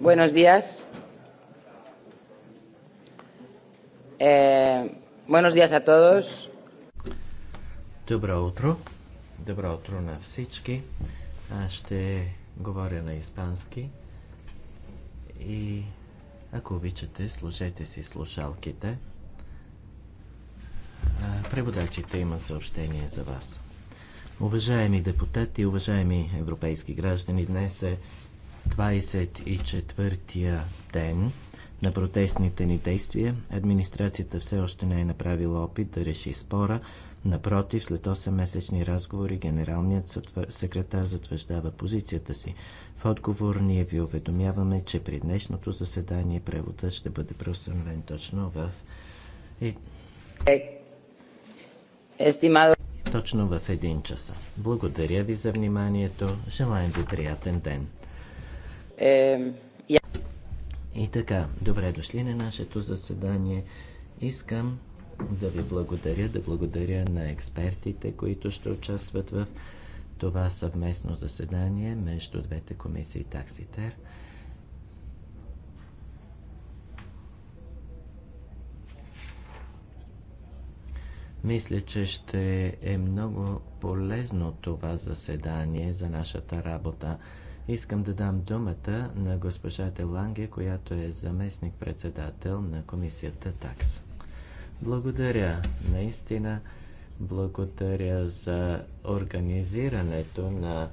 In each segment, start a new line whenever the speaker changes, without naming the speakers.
Buenos días. Eh, buenos días a todos.
Добро утро. Добро утро на всички. Аз ще говоря на испански. И ако обичате, служете си слушалките. Преводачите имат съобщение за вас. Уважаеми депутати, уважаеми европейски граждани, днес е 24-я ден на протестните ни действия, администрацията все още не е направила опит да реши спора. Напротив, след 8-месечни разговори, генералният секретар затвърждава позицията си. В отговор ние ви уведомяваме, че при днешното заседание преводът ще бъде преустановен точно в... И... Точно в един часа. Благодаря ви за вниманието. Желаем ви приятен ден. И така, добре дошли на нашето заседание. Искам да ви благодаря, да благодаря на експертите, които ще участват в това съвместно заседание между двете комисии такситер. Мисля, че ще е много полезно това заседание за нашата работа. Искам да дам думата на госпожа Деланге, която е заместник-председател на комисията ТАКС. Благодаря, наистина. Благодаря за организирането на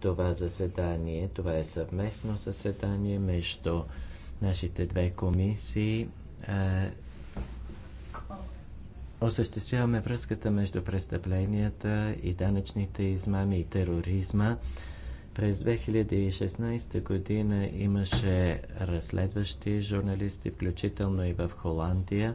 това заседание. Това е съвместно заседание между нашите две комисии. Е, осъществяваме връзката между престъпленията и данъчните измами и тероризма. През 2016 година имаше разследващи журналисти, включително и в Холандия.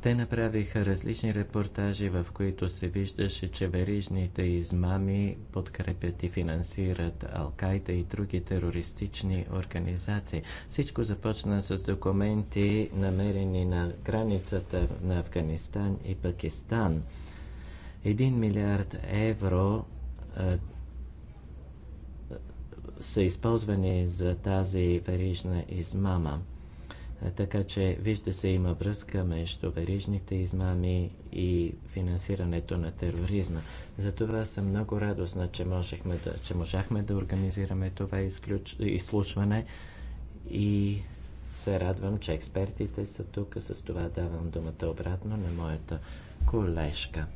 Те направиха различни репортажи, в които се виждаше, че верижните измами подкрепят и финансират Алкайда и други терористични организации. Всичко започна с документи, намерени на границата на Афганистан и Пакистан. Един милиард евро са използвани за тази верижна измама. Така че, вижте се, има връзка между верижните измами и финансирането на тероризма. Затова съм много радостна, че, можехме да, че можахме да организираме това изключ... изслушване и се радвам, че експертите са тук. С това давам думата обратно на моята колежка.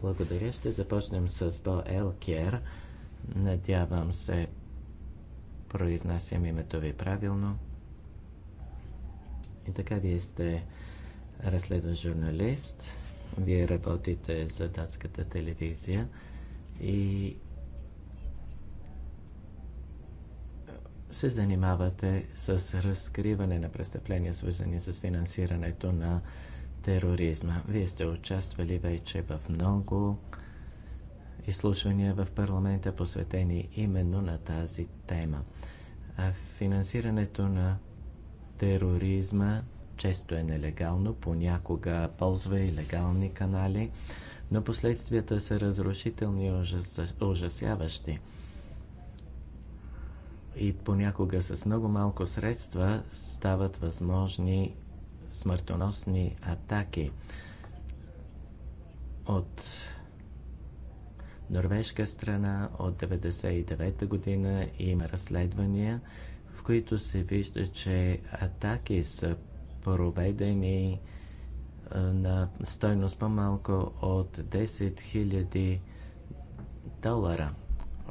Благодаря. Ще започнем с Бо Елкер. Надявам се, произнасям името ви правилно. И така, вие сте разследван журналист. Вие работите за датската телевизия и се занимавате с разкриване на престъпления, свързани с финансирането на тероризма. Вие сте участвали вече в много изслушвания в парламента, посветени именно на тази тема. А финансирането на тероризма често е нелегално, понякога ползва и легални канали, но последствията са разрушителни и ужас... ужасяващи. И понякога с много малко средства стават възможни смъртоносни атаки от норвежка страна от 1999 година има разследвания, в които се вижда, че атаки са проведени на стойност по-малко от 10 000 долара.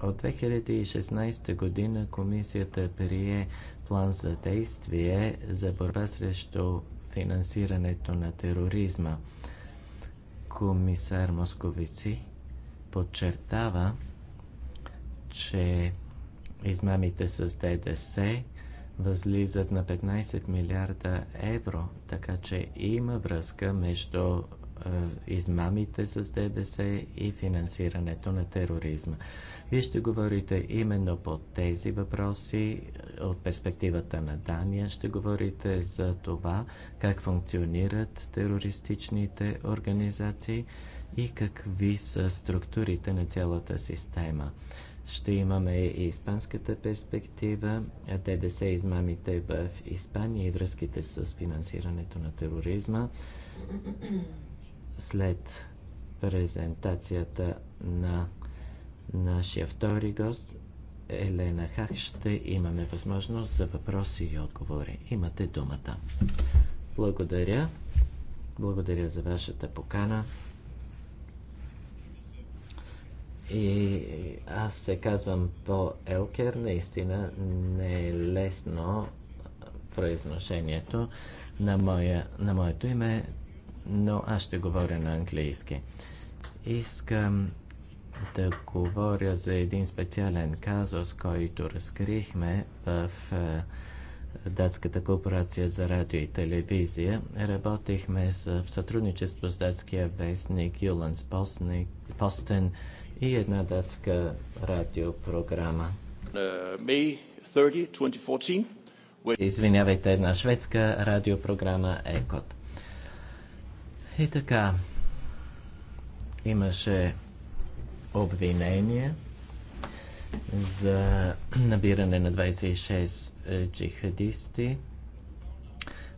От 2016 година комисията прие план за действие за борба срещу финансирането на тероризма. Комисар Московици подчертава, че измамите с ДДС възлизат на 15 милиарда евро, така че има връзка между е, измамите с ДДС и финансирането на тероризма. Вие ще говорите именно по тези въпроси от перспективата на Дания. Ще говорите за това как функционират терористичните организации и какви са структурите на цялата система. Ще имаме и испанската перспектива, ДДС измамите в Испания и връзките с финансирането на тероризма след презентацията на нашия втори гост, Елена Хах, ще имаме възможност за въпроси и отговори. Имате думата. Благодаря. Благодаря за вашата покана. И аз се казвам По Елкер. Наистина не е лесно произношението на, моя, на моето име но аз ще говоря на английски. Искам да говоря за един специален казус, който разкрихме в е, датската корпорация за радио и телевизия. Работихме с, в сътрудничество с датския вестник Юланс Постен и една датска радиопрограма. Е, Извинявайте, една шведска радиопрограма ЕКОТ. И така, имаше обвинение за набиране на 26 е, джихадисти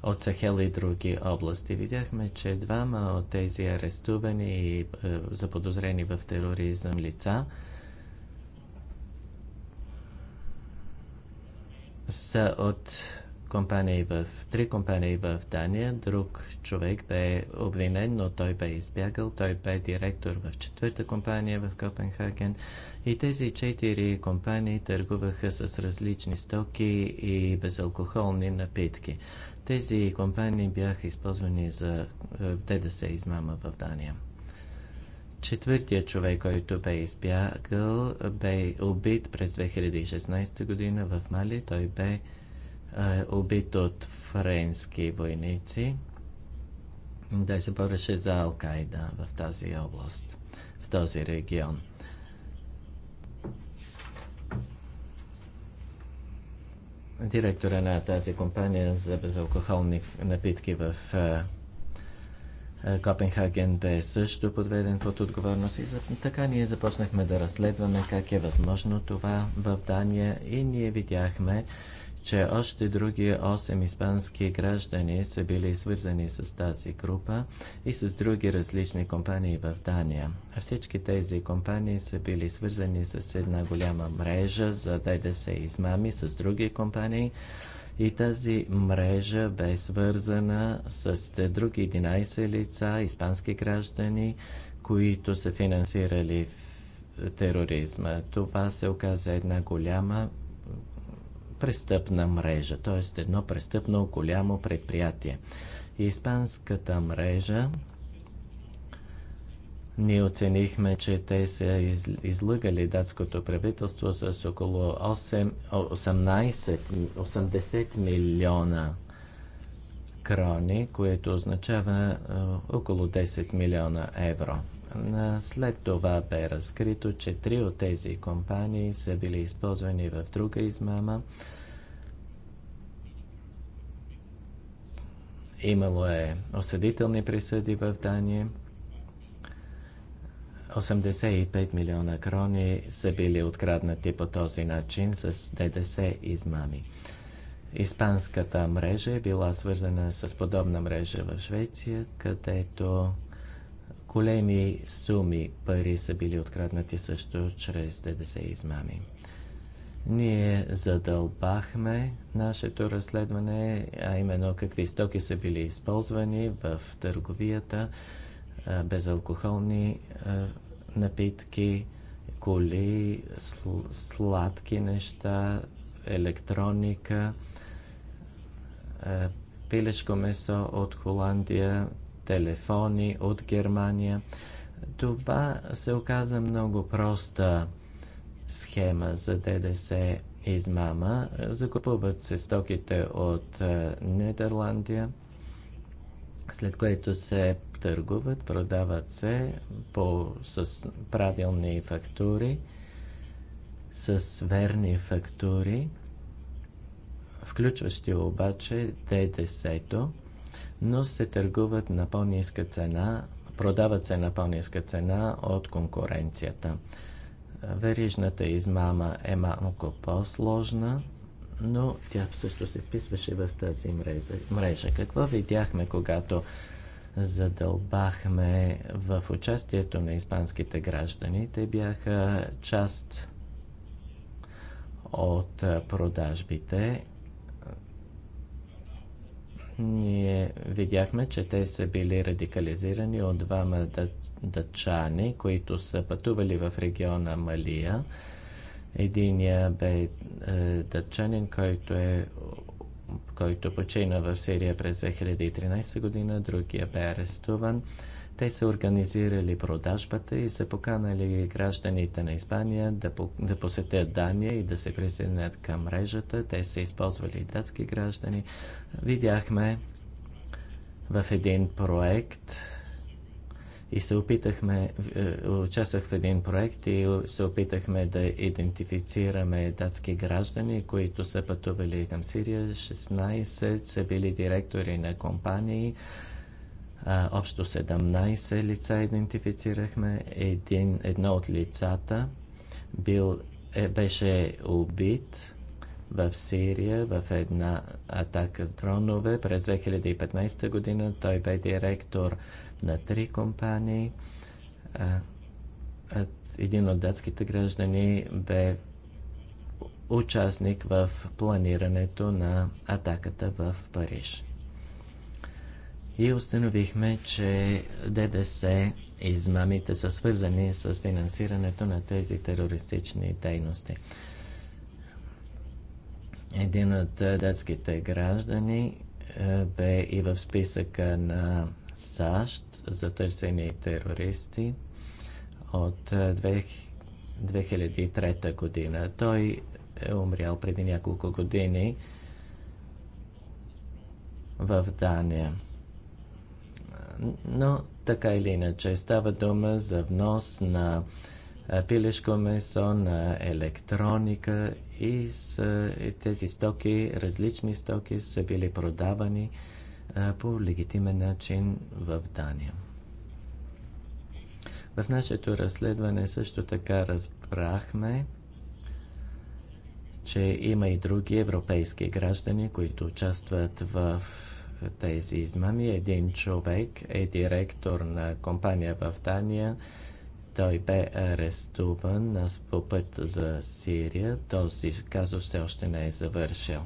от Сахел и други области. Видяхме, че двама от тези арестувани и е, заподозрени в тероризъм лица са от компании в, три компании в Дания. Друг човек бе обвинен, но той бе избягал. Той бе директор в четвърта компания в Копенхаген. И тези четири компании търгуваха с различни стоки и безалкохолни напитки. Тези компании бяха използвани за е, ДДС измама в Дания. Четвъртият човек, който бе избягал, бе убит през 2016 година в Мали. Той бе е, убит от френски войници. да се бореше за Алкайда в тази област, в този регион. Директора на тази компания за безалкохолни напитки в е, е, Копенхаген бе също подведен под отговорност и за... така ние започнахме да разследваме как е възможно това в Дания и ние видяхме, че още други 8 испански граждани са били свързани с тази група и с други различни компании в Дания. Всички тези компании са били свързани с една голяма мрежа за ДДС измами с други компании и тази мрежа бе свързана с други 11 лица, испански граждани, които са финансирали тероризма. Това се оказа една голяма престъпна мрежа, т.е. едно престъпно голямо предприятие. Испанската мрежа ние оценихме, че те са излъгали датското правителство с около 8, 18, 80 милиона крони, което означава е, около 10 милиона евро. След това бе разкрито, че три от тези компании са били използвани в друга измама. Имало е осъдителни присъди в Дания. 85 милиона крони са били откраднати по този начин с ДДС измами. Испанската мрежа е била свързана с подобна мрежа в Швеция, където Големи суми пари са били откраднати също чрез ДДС измами. Ние задълбахме нашето разследване, а именно какви стоки са били използвани в търговията, безалкохолни напитки, коли, сладки неща, електроника, пилешко месо от Холандия, телефони от Германия. Това се оказа много проста схема за ДДС измама. Закупуват се стоките от е, Нидерландия, след което се търгуват, продават се по, с правилни фактури, с верни фактури, включващи обаче ДДС-то но се търгуват на по-ниска цена, продават се на по-ниска цена от конкуренцията. Верижната измама е малко по-сложна, но тя също се вписваше в тази мрежа. Какво видяхме, когато задълбахме в участието на испанските граждани? Те бяха част от продажбите ние видяхме, че те са били радикализирани от двама дъчани, които са пътували в региона Малия. Единия бе е, дъчанин, който е който почина в Сирия през 2013 година, другия бе арестуван. Те са организирали продажбата и са поканали гражданите на Испания да, по, да посетят Дания и да се присъединят към мрежата. Те са използвали и датски граждани. Видяхме в един проект и се опитахме, е, участвах в един проект и се опитахме да идентифицираме датски граждани, които са пътували към Сирия. 16 са били директори на компании общо 17 лица идентифицирахме. Един, едно от лицата бил, е, беше убит в Сирия в една атака с дронове. През 2015 година той бе директор на три компании. Един от датските граждани бе участник в планирането на атаката в Париж и установихме, че ДДС и измамите са свързани с финансирането на тези терористични дейности. Един от е, детските граждани е, бе и в списъка на САЩ за търсени терористи от 2003 е, година. Той е умрял преди няколко години в Дания. Но така или иначе става дума за внос на пилешко месо, на електроника и с тези стоки, различни стоки са били продавани по легитимен начин в Дания. В нашето разследване също така разбрахме, че има и други европейски граждани, които участват в тези измами. Един човек е директор на компания в Дания. Той бе арестуван по път за Сирия. Този казус все още не е завършил.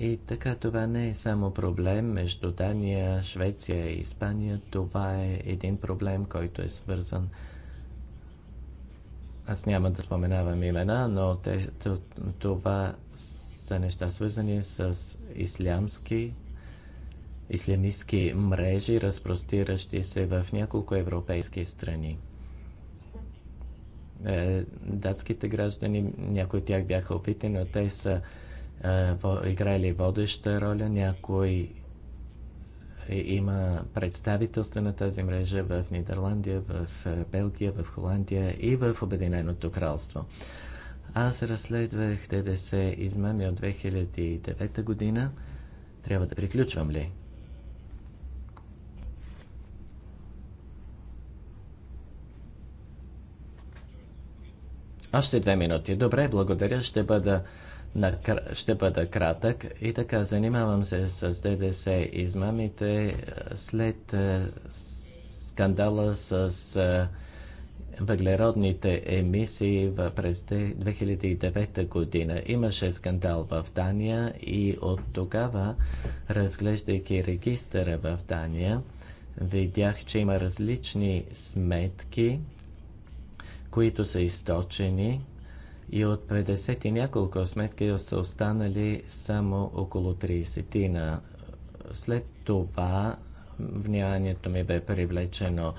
И така това не е само проблем между Дания, Швеция и Испания. Това е един проблем, който е свързан. Аз няма да споменавам имена, но те, това са неща свързани с ислямски ислямистски мрежи, разпростиращи се в няколко европейски страни. Е, датските граждани, някои от тях бяха опитани, но те са е, играли водеща роля, някой е, има представителства на тази мрежа в Нидерландия, в Белгия, в Холандия и в Обединеното кралство. Аз разследвах ДДС измами от 2009 година. Трябва да приключвам ли? Още две минути. Добре, благодаря. Ще бъда, на, ще бъда кратък. И така, занимавам се с ДДС измамите е, след е, скандала с е, въглеродните емисии през 2009 година. Имаше скандал в Дания и от тогава, разглеждайки регистъра в Дания, видях, че има различни сметки, които са източени и от 50 и няколко сметки са останали само около 30 на. След това вниманието ми бе привлечено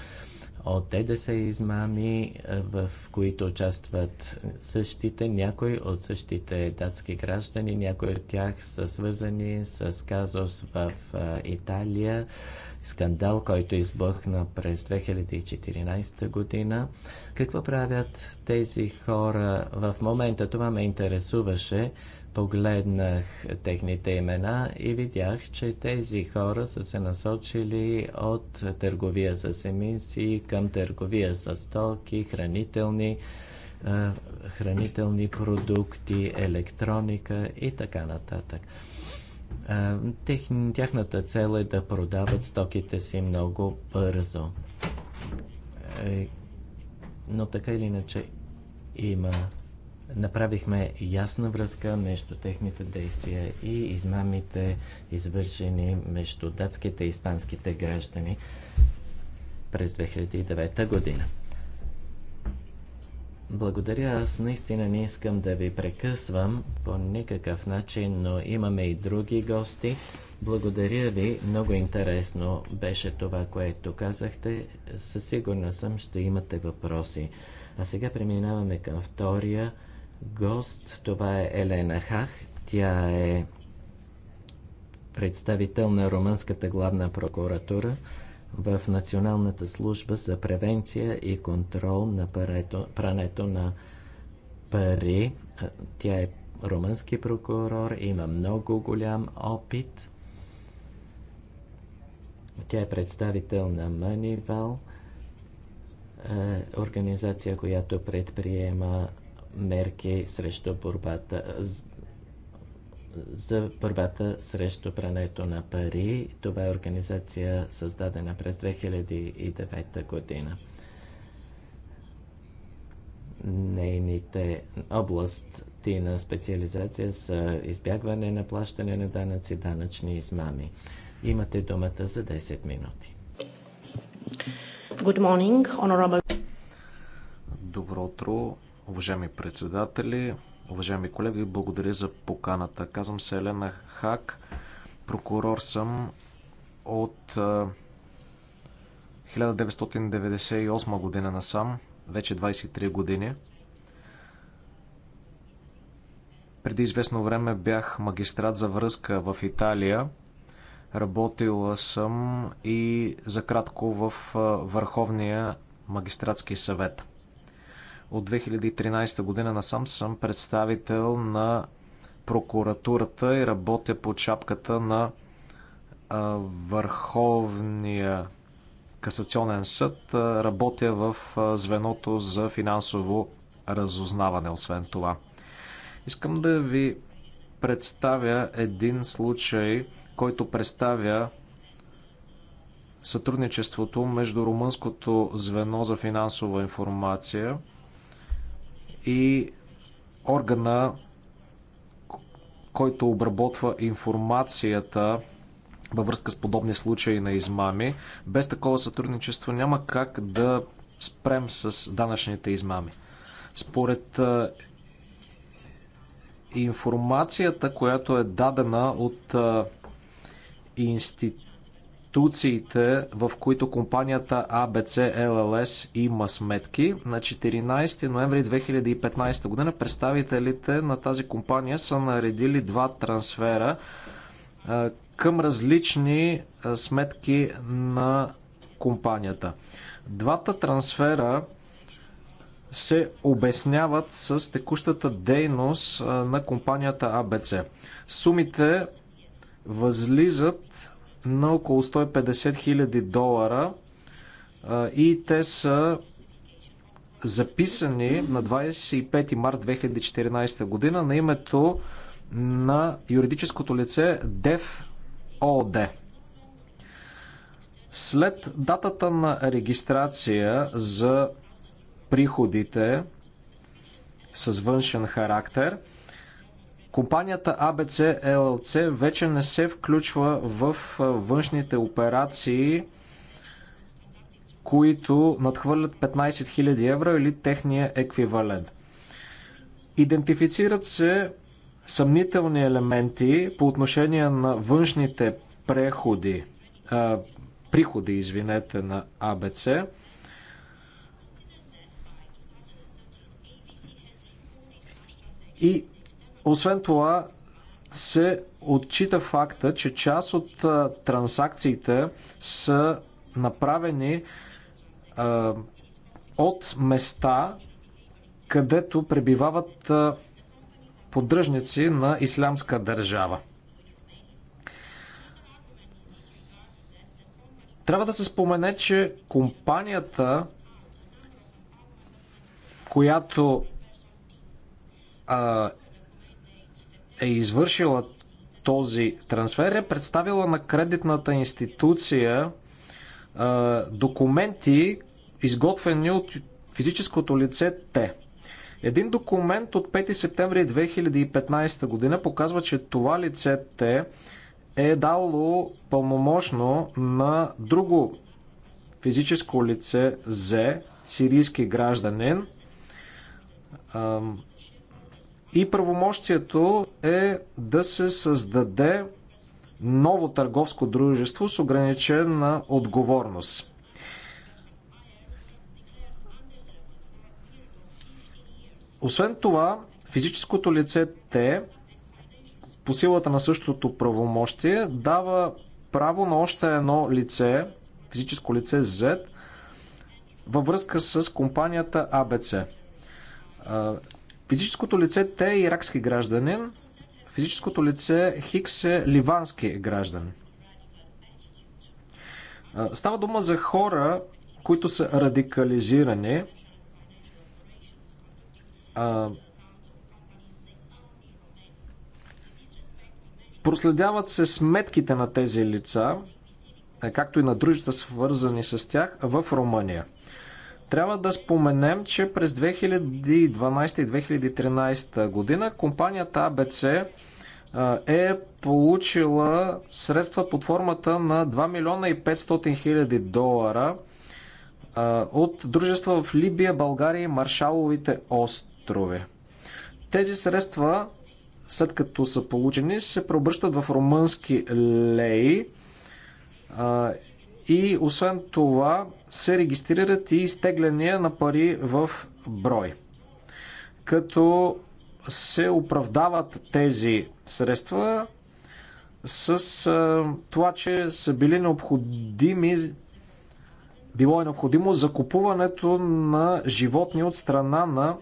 от ДДС измами, в които участват същите, някои от същите датски граждани, някои от тях са свързани с казус в Италия, скандал, който избъхна през 2014 година. Какво правят тези хора в момента? Това ме интересуваше. Погледнах техните имена и видях, че тези хора са се насочили от търговия с емисии към търговия с стоки, хранителни хранителни продукти, електроника и така нататък. Тех, тяхната цел е да продават стоките си много бързо. Е, но така или иначе има. Направихме ясна връзка между техните действия и измамите, извършени между датските и испанските граждани през 2009 година. Благодаря. Аз наистина не искам да ви прекъсвам по никакъв начин, но имаме и други гости. Благодаря ви. Много интересно беше това, което казахте. Със сигурна съм, ще имате въпроси. А сега преминаваме към втория гост. Това е Елена Хах. Тя е представител на Румънската главна прокуратура в Националната служба за превенция и контрол на парето, прането на пари. Тя е румънски прокурор, има много голям опит. Тя е представител на Манивал, е, организация, която предприема мерки срещу борбата, за борбата срещу прането на пари. Това е организация създадена през 2009 година. Нейните области на специализация са избягване на плащане на данъци, данъчни измами. Имате думата за 10 минути.
Good morning, honorable...
Добро утро, уважаеми
председатели, Уважаеми колеги, благодаря за поканата. Казвам се Елена Хак. Прокурор съм от 1998 година насам, вече 23 години. Преди известно време бях магистрат за връзка в Италия. Работила съм и за кратко в Върховния магистратски съвет. От 2013 година насам съм представител на прокуратурата и работя под шапката на а, Върховния касационен съд. А, работя в а, звеното за финансово разузнаване, освен това. Искам да ви представя един случай, който представя сътрудничеството между румънското звено за финансова информация и органа, който обработва информацията във връзка с подобни случаи на измами. Без такова сътрудничество няма как да спрем с данъчните измами. Според информацията, която е дадена от институт, институциите, в които компанията ABC LLS има сметки. На 14 ноември 2015 година представителите на тази компания са наредили два трансфера към различни сметки на компанията. Двата трансфера се обясняват с текущата дейност на компанията ABC. Сумите възлизат на около 150 000 долара и те са записани на 25 март 2014 година на името на юридическото лице ДЕФ ООД. След датата на регистрация за приходите с външен характер – Компанията ABC LLC вече не се включва в външните операции, които надхвърлят 15 000 евро или техния еквивалент. Идентифицират се съмнителни елементи по отношение на външните преходи, а, приходи, извинете, на АБЦ. И освен това, се отчита факта, че част от транзакциите са направени а, от места, където пребивават а, поддръжници на ислямска държава. Трябва да се спомене, че компанията, която а, е извършила този трансфер, е представила на кредитната институция е, документи, изготвени от физическото лице Т. Един документ от 5 септември 2015 година показва, че това лице Т е дало пълномощно на друго физическо лице З, сирийски гражданин, и правомощието е да се създаде ново търговско дружество с ограничена отговорност. Освен това, физическото лице Т по силата на същото правомощие дава право на още едно лице, физическо лице Z, във връзка с компанията ABC. Физическото лице Т е иракски гражданин, физическото лице Хикс е ливански гражданин. Става дума за хора, които са радикализирани. проследяват се сметките на тези лица, е, както и на дружества свързани с тях в Румъния. Трябва да споменем, че през 2012 и 2013 година компанията ABC е получила средства под формата на 2 милиона и 500 хиляди долара от дружества в Либия, България и Маршаловите острови. Тези средства, след като са получени, се преобръщат в румънски леи и освен това се регистрират и изтегляния на пари в брой. Като се оправдават тези средства с а, това, че са били необходими било е необходимо закупуването на животни от страна на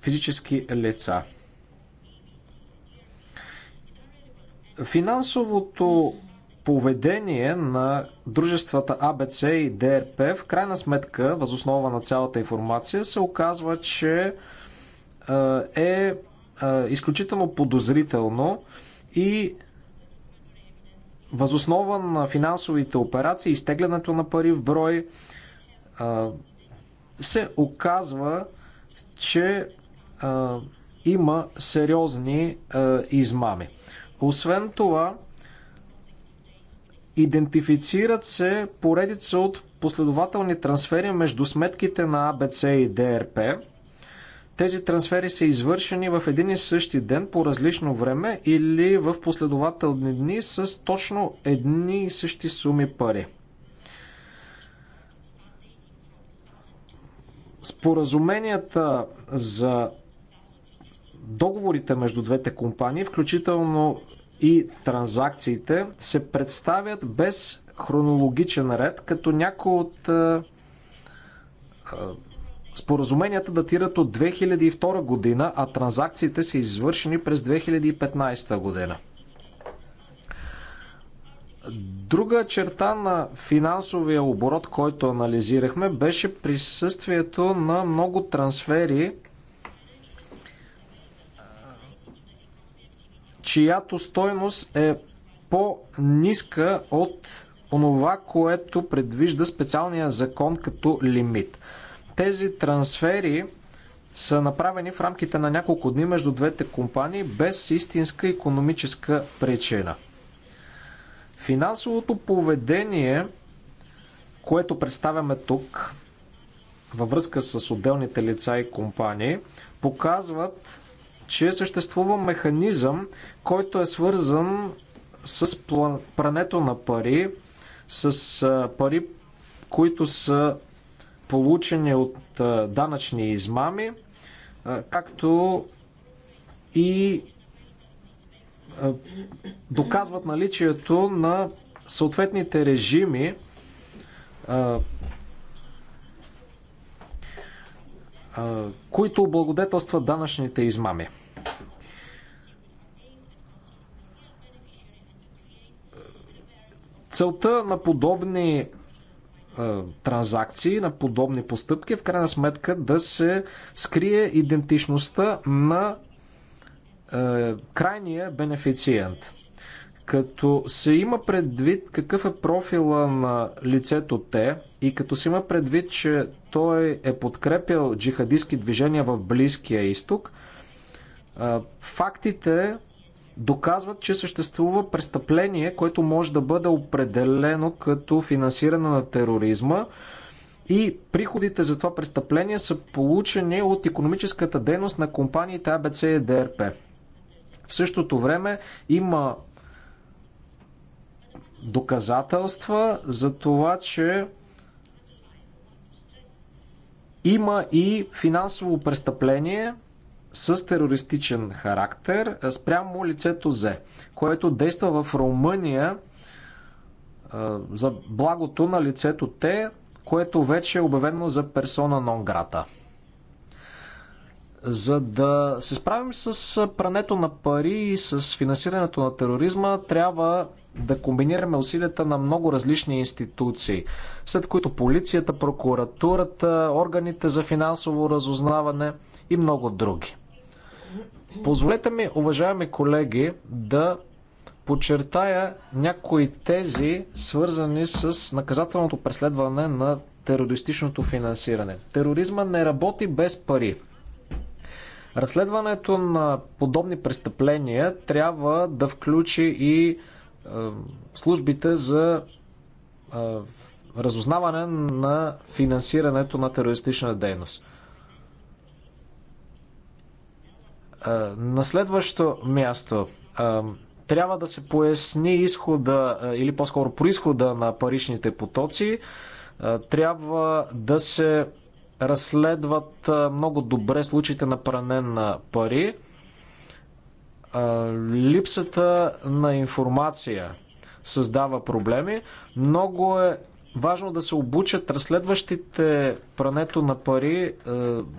физически лица. Финансовото поведение на дружествата АБЦ и ДРП, в крайна сметка, възоснова на цялата информация, се оказва, че е, е изключително подозрително и възоснова на финансовите операции, изтеглянето на пари в брой, е, се оказва, че е, има сериозни измами. Освен това, Идентифицират се поредица от последователни трансфери между сметките на АБЦ и ДРП. Тези трансфери са извършени в един и същи ден по различно време или в последователни дни с точно едни и същи суми пари. Споразуменията за договорите между двете компании, включително и транзакциите се представят без хронологичен ред, като някои от е, е, споразуменията датират от 2002 година, а транзакциите са извършени през 2015 година. Друга черта на финансовия оборот, който анализирахме, беше присъствието на много трансфери – чиято стойност е по-ниска от онова, което предвижда специалния закон като лимит. Тези трансфери са направени в рамките на няколко дни между двете компании без истинска економическа причина. Финансовото поведение, което представяме тук във връзка с отделните лица и компании, показват че съществува механизъм, който е свързан с прането на пари, с пари, които са получени от данъчни измами, както и доказват наличието на съответните режими които облагодетелстват данъчните измами. Целта на подобни транзакции, на подобни постъпки, е в крайна сметка да се скрие идентичността на е, крайния бенефициент. Като се има предвид какъв е профила на лицето те и като се има предвид, че той е подкрепял джихадистски движения в Близкия изток, фактите доказват, че съществува престъпление, което може да бъде определено като финансиране на тероризма и приходите за това престъпление са получени от економическата дейност на компаниите ABC и ДРП. В същото време има доказателства за това, че има и финансово престъпление с терористичен характер спрямо лицето Зе, което действа в Румъния за благото на лицето Те, което вече е обявено за персона нон грата. За да се справим с прането на пари и с финансирането на тероризма, трябва да комбинираме усилията на много различни институции, след които полицията, прокуратурата, органите за финансово разузнаване и много други. Позволете ми, уважаеми колеги, да подчертая някои тези, свързани с наказателното преследване на терористичното финансиране. Тероризма не работи без пари. Разследването на подобни престъпления трябва да включи и службите за разузнаване на финансирането на терористична дейност. На следващо място трябва да се поясни изхода или по-скоро происхода на паричните потоци. Трябва да се разследват много добре случаите на пране на пари липсата на информация създава проблеми. Много е важно да се обучат разследващите прането на пари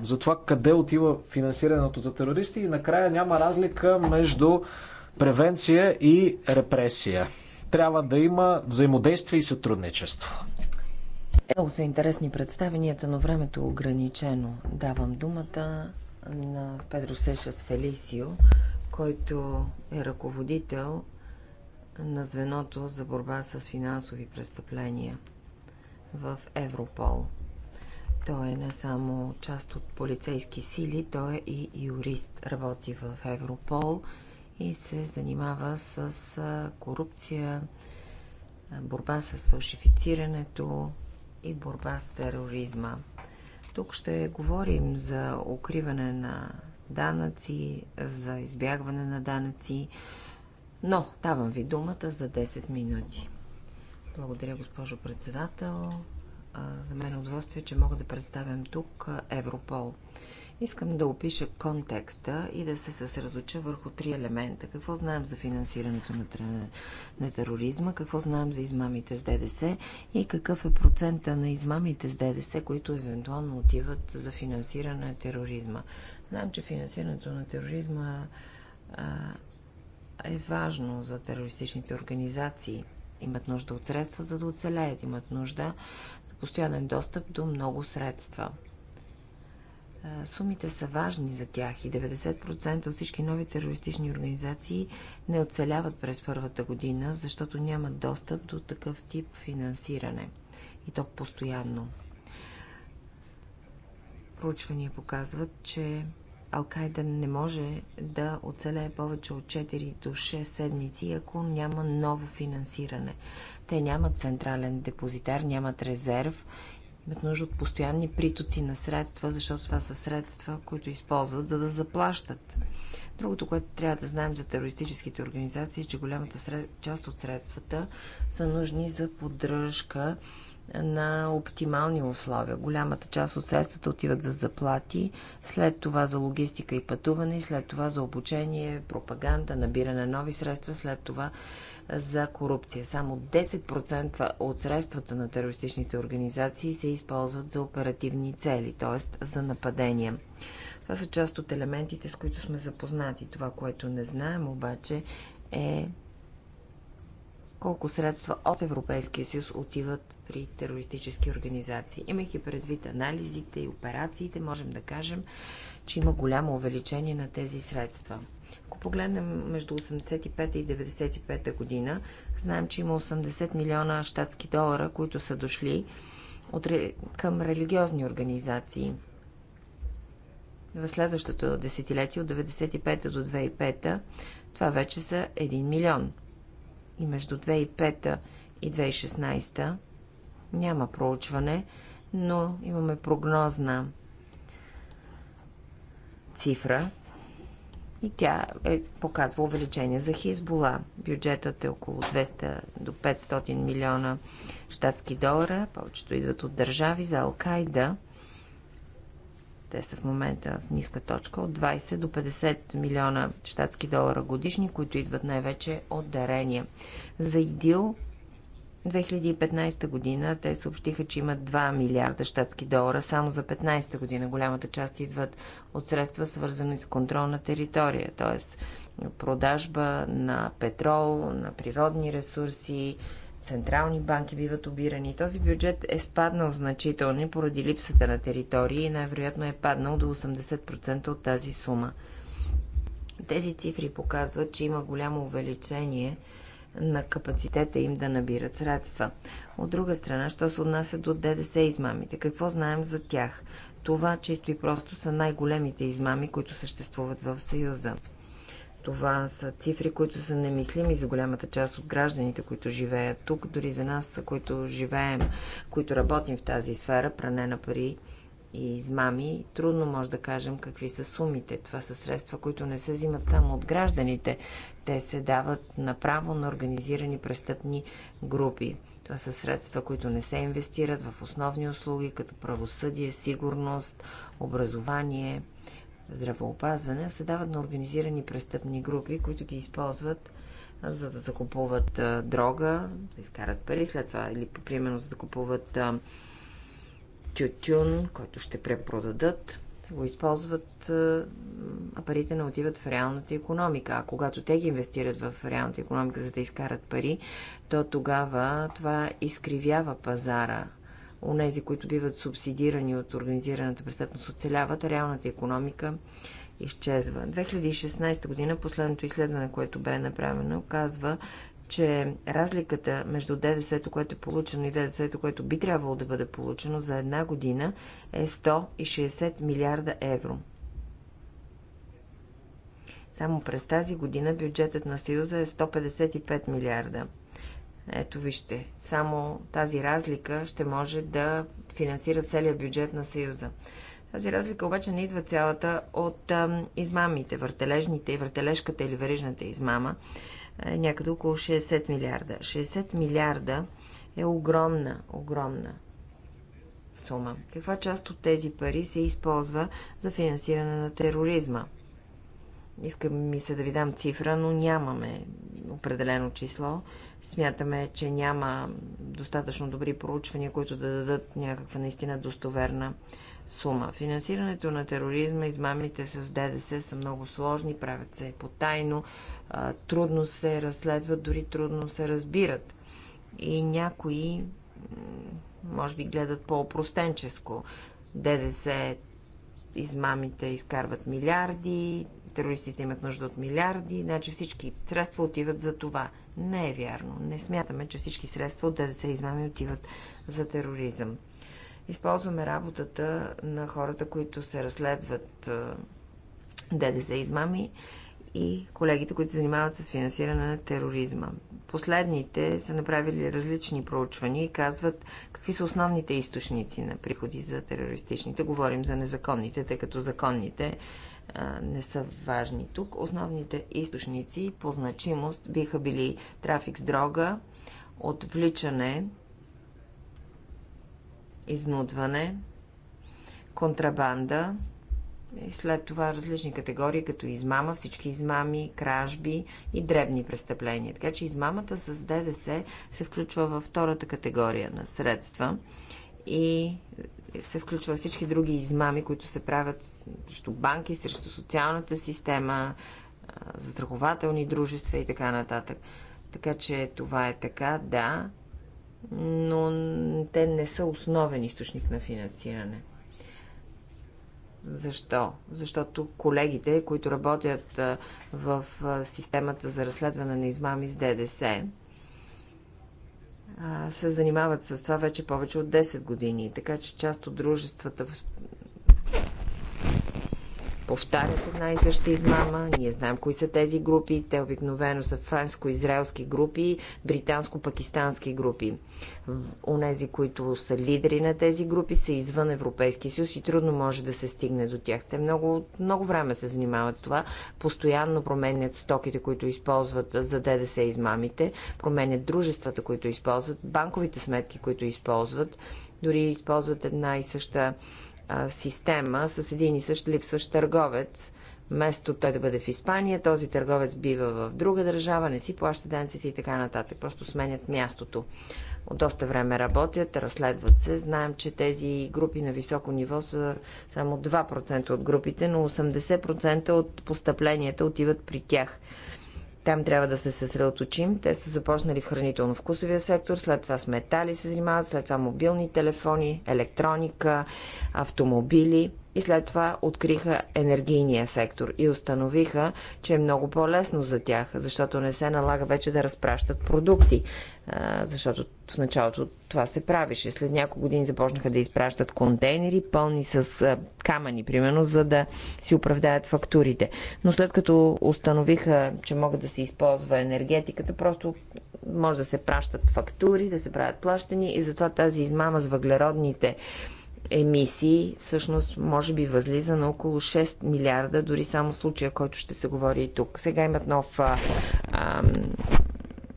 за това къде отива финансирането за терористи и накрая няма разлика между превенция и репресия. Трябва да има взаимодействие и сътрудничество.
Много са интересни представенията, но времето е ограничено. Давам думата на Педро Сешас Фелисио, който е ръководител на звеното за борба с финансови престъпления в Европол. Той е не само част от полицейски сили, той е и юрист. Работи в Европол и се занимава с корупция, борба с фалшифицирането и борба с тероризма. Тук ще говорим за укриване на данъци, за избягване на данъци. Но давам ви думата за 10 минути. Благодаря, госпожо председател. За мен е удоволствие, че мога да представям тук Европол. Искам да опиша контекста и да се съсредоча върху три елемента. Какво знаем за финансирането на, на тероризма, какво знаем за измамите с ДДС и какъв е процента на измамите с ДДС, които евентуално отиват за финансиране на тероризма. Знаем, че финансирането на тероризма а, е важно за терористичните организации. Имат нужда от средства, за да оцелеят. Имат нужда постоянен достъп до много средства. Сумите са важни за тях и 90% от всички нови терористични организации не оцеляват през първата година, защото нямат достъп до такъв тип финансиране. И то постоянно. Проучвания показват, че Алкайда не може да оцелее повече от 4 до 6 седмици, ако няма ново финансиране. Те нямат централен депозитар, нямат резерв имат нужда от постоянни притоци на средства, защото това са средства, които използват за да заплащат. Другото, което трябва да знаем за терористическите организации, е, че голямата сред... част от средствата са нужни за поддръжка на оптимални условия. Голямата част от средствата отиват за заплати, след това за логистика и пътуване, след това за обучение, пропаганда, набиране на нови средства, след това за корупция. Само 10% от средствата на терористичните организации се използват за оперативни цели, т.е. за нападения. Това са част от елементите, с които сме запознати. Това, което не знаем обаче е колко средства от Европейския съюз отиват при терористически организации. Имайки предвид анализите и операциите, можем да кажем, че има голямо увеличение на тези средства погледнем между 85 и 95 година, знаем, че има 80 милиона щатски долара, които са дошли от, към религиозни организации. В следващото десетилетие, от 95 до 2005, това вече са 1 милион. И между 2005 и 2016 няма проучване, но имаме прогнозна цифра – и тя е, показва увеличение за Хизбола. Бюджетът е около 200 до 500 милиона щатски долара. Повечето идват от държави за Алкайда. Те са в момента в ниска точка от 20 до 50 милиона щатски долара годишни, които идват най-вече от дарения. За ИДИЛ 2015 година те съобщиха, че имат 2 милиарда щатски долара само за 15 година. Голямата част идват от средства, свързани с контрол на територия, т.е. продажба на петрол, на природни ресурси, централни банки биват обирани. Този бюджет е спаднал значително поради липсата на територии и най-вероятно е паднал до 80% от тази сума. Тези цифри показват, че има голямо увеличение – на капацитета им да набират средства. От друга страна, що се отнася до ДДС измамите, какво знаем за тях? Това чисто и просто са най-големите измами, които съществуват в Съюза. Това са цифри, които са немислими за голямата част от гражданите, които живеят тук, дори за нас, които живеем, които работим в тази сфера, пране на пари и измами, трудно може да кажем какви са сумите. Това са средства, които не се взимат само от гражданите. Те се дават направо на организирани престъпни групи. Това са средства, които не се инвестират в основни услуги, като правосъдие, сигурност, образование, здравеопазване, се дават на организирани престъпни групи, които ги използват за да закупуват дрога, да изкарат пари след това, или примерно за да купуват тютюн, който ще препродадат, го използват, а парите не отиват в реалната економика. А когато те ги инвестират в реалната економика, за да изкарат пари, то тогава това изкривява пазара. нези, които биват субсидирани от организираната престъпност, оцеляват, а реалната економика изчезва. 2016 година последното изследване, което бе направено, казва, че разликата между ДДС-то, което е получено и ДДС-то, което би трябвало да бъде получено за една година е 160 милиарда евро. Само през тази година бюджетът на Съюза е 155 милиарда. Ето вижте, само тази разлика ще може да финансира целият бюджет на Съюза. Тази разлика обаче не идва цялата от а, измамите, въртележните и въртележката или верижната измама, е някъде около 60 милиарда. 60 милиарда е огромна, огромна сума. Каква част от тези пари се използва за финансиране на тероризма? Искам ми се да ви дам цифра, но нямаме определено число. Смятаме, че няма достатъчно добри проучвания, които да дадат някаква наистина достоверна сума. Финансирането на тероризма, измамите с ДДС са много сложни, правят се потайно, трудно се разследват, дори трудно се разбират. И някои, може би, гледат по-опростенческо. ДДС измамите изкарват милиарди, терористите имат нужда от милиарди, значи всички средства отиват за това. Не е вярно. Не смятаме, че всички средства от ДДС измами отиват за тероризъм използваме работата на хората, които се разследват ДДС измами и колегите, които се занимават с финансиране на тероризма. Последните са направили различни проучвания и казват какви са основните източници на приходи за терористичните. Говорим за незаконните, тъй като законните не са важни тук. Основните източници по значимост биха били трафик с дрога, отвличане изнудване, контрабанда и след това различни категории, като измама, всички измами, кражби и дребни престъпления. Така че измамата с ДДС се включва във втората категория на средства и се включва всички други измами, които се правят срещу банки, срещу социалната система, застрахователни дружества и така нататък. Така че това е така, да но те не са основен източник на финансиране. Защо? Защото колегите, които работят в системата за разследване на измами с ДДС, се занимават с това вече повече от 10 години. Така че част от дружествата повтарят една и съща измама. Ние знаем кои са тези групи. Те обикновено са франско израелски групи, британско-пакистански групи. Онези, които са лидери на тези групи, са извън Европейски съюз и трудно може да се стигне до тях. Те много, много време се занимават с това. Постоянно променят стоките, които използват за ДДС измамите, променят дружествата, които използват, банковите сметки, които използват, дори използват една и съща система с един и същ липсващ търговец. Вместо той да бъде в Испания, този търговец бива в друга държава, не си плаща си и така нататък. Просто сменят мястото. От доста време работят, разследват се. Знаем, че тези групи на високо ниво са само 2% от групите, но 80% от постъпленията отиват при тях. Там трябва да се съсредоточим. Те са започнали в хранително-вкусовия сектор, след това с метали се занимават, след това мобилни телефони, електроника, автомобили – и след това откриха енергийния сектор и установиха, че е много по-лесно за тях, защото не се налага вече да разпращат продукти, защото в началото това се правише. След няколко години започнаха да изпращат контейнери, пълни с камъни, примерно, за да си оправдаят фактурите. Но след като установиха, че могат да се използва енергетиката, просто може да се пращат фактури, да се правят плащани и затова тази измама с въглеродните емисии, всъщност може би възлиза на около 6 милиарда, дори само случая, който ще се говори и тук. Сега имат нов а, а,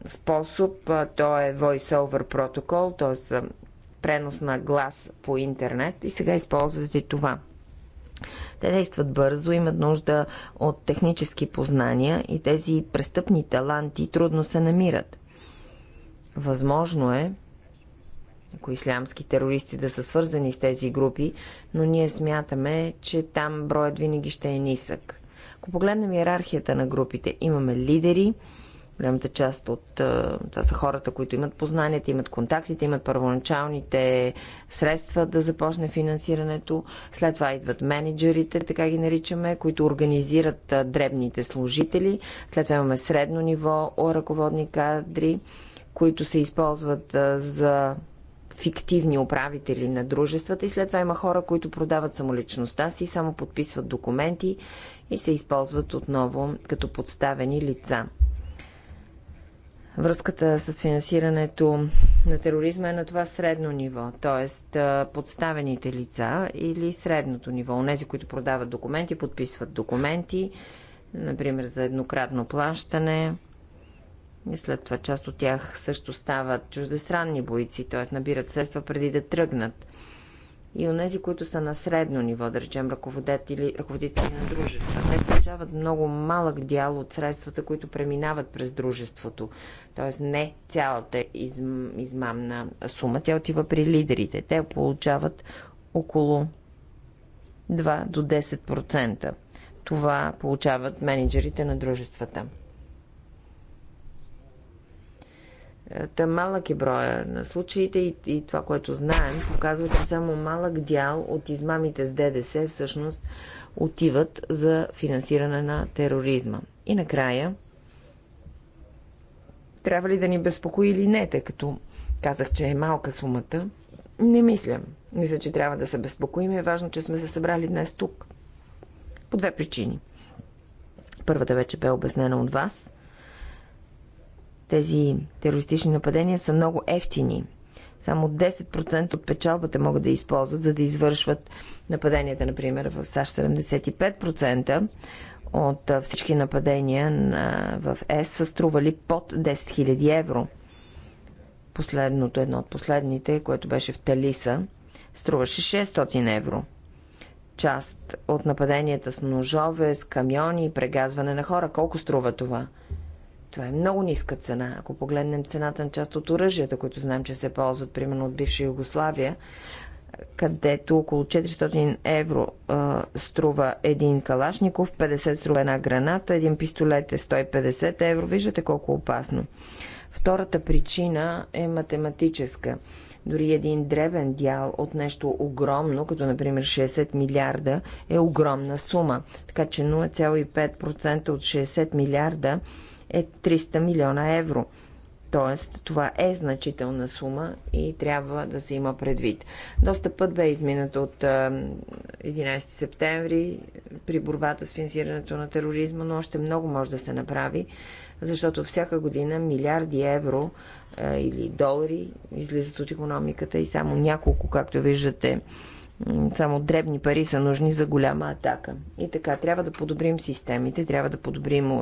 способ, а, то е VoiceOver протокол, т.е. пренос на глас по интернет и сега използвате това. Те действат бързо, имат нужда от технически познания и тези престъпни таланти трудно се намират. Възможно е ако ислямски терористи да са свързани с тези групи, но ние смятаме, че там броят винаги ще е нисък. Ако погледнем иерархията на групите, имаме лидери, голямата част от това са хората, които имат познанията, имат контактите, имат първоначалните средства да започне финансирането. След това идват менеджерите, така ги наричаме, които организират дребните служители. След това имаме средно ниво ръководни кадри, които се използват за фиктивни управители на дружествата и след това има хора, които продават самоличността си, само подписват документи и се използват отново като подставени лица. Връзката с финансирането на тероризма е на това средно ниво, т.е. подставените лица или средното ниво. Нези, които продават документи, подписват документи, например за еднократно плащане, и след това част от тях също стават чуждестранни бойци, т.е. набират средства преди да тръгнат. И у нези, които са на средно ниво, да речем ръководители, ръководители на дружества, те получават много малък дял от средствата, които преминават през дружеството. Тоест не цялата из, измамна сума, тя отива при лидерите. Те получават около 2 до 10%. Това получават менеджерите на дружествата. Та малък е броя на случаите и, и това, което знаем, показва, че само малък дял от измамите с ДДС всъщност отиват за финансиране на тероризма. И накрая, трябва ли да ни безпокои или не, тъй като казах, че е малка сумата, не мисля. Мисля, че трябва да се безпокоим. Е важно, че сме се събрали днес тук. По две причини. Първата вече бе обяснена от вас. Тези терористични нападения са много ефтини. Само 10% от печалбата могат да използват, за да извършват нападенията, например, в САЩ 75% от всички нападения в ЕС са стрували под 10 000 евро. Последното, едно от последните, което беше в Талиса, струваше 600 евро. Част от нападенията с ножове, с камиони и прегазване на хора. Колко струва това? Това е много ниска цена. Ако погледнем цената на част от оръжията, които знаем, че се ползват, примерно от бивша Югославия, където около 400 евро а, струва един калашников, 50 струва една граната, един пистолет е 150 евро. Виждате колко опасно. Втората причина е математическа. Дори един дребен дял от нещо огромно, като например 60 милиарда, е огромна сума. Така че 0,5% от 60 милиарда е 300 милиона евро. Тоест, това е значителна сума и трябва да се има предвид. Доста път бе изминат от 11 септември при борбата с финансирането на тероризма, но още много може да се направи, защото всяка година милиарди евро или долари излизат от економиката и само няколко, както виждате, само дребни пари са нужни за голяма атака. И така, трябва да подобрим системите, трябва да подобрим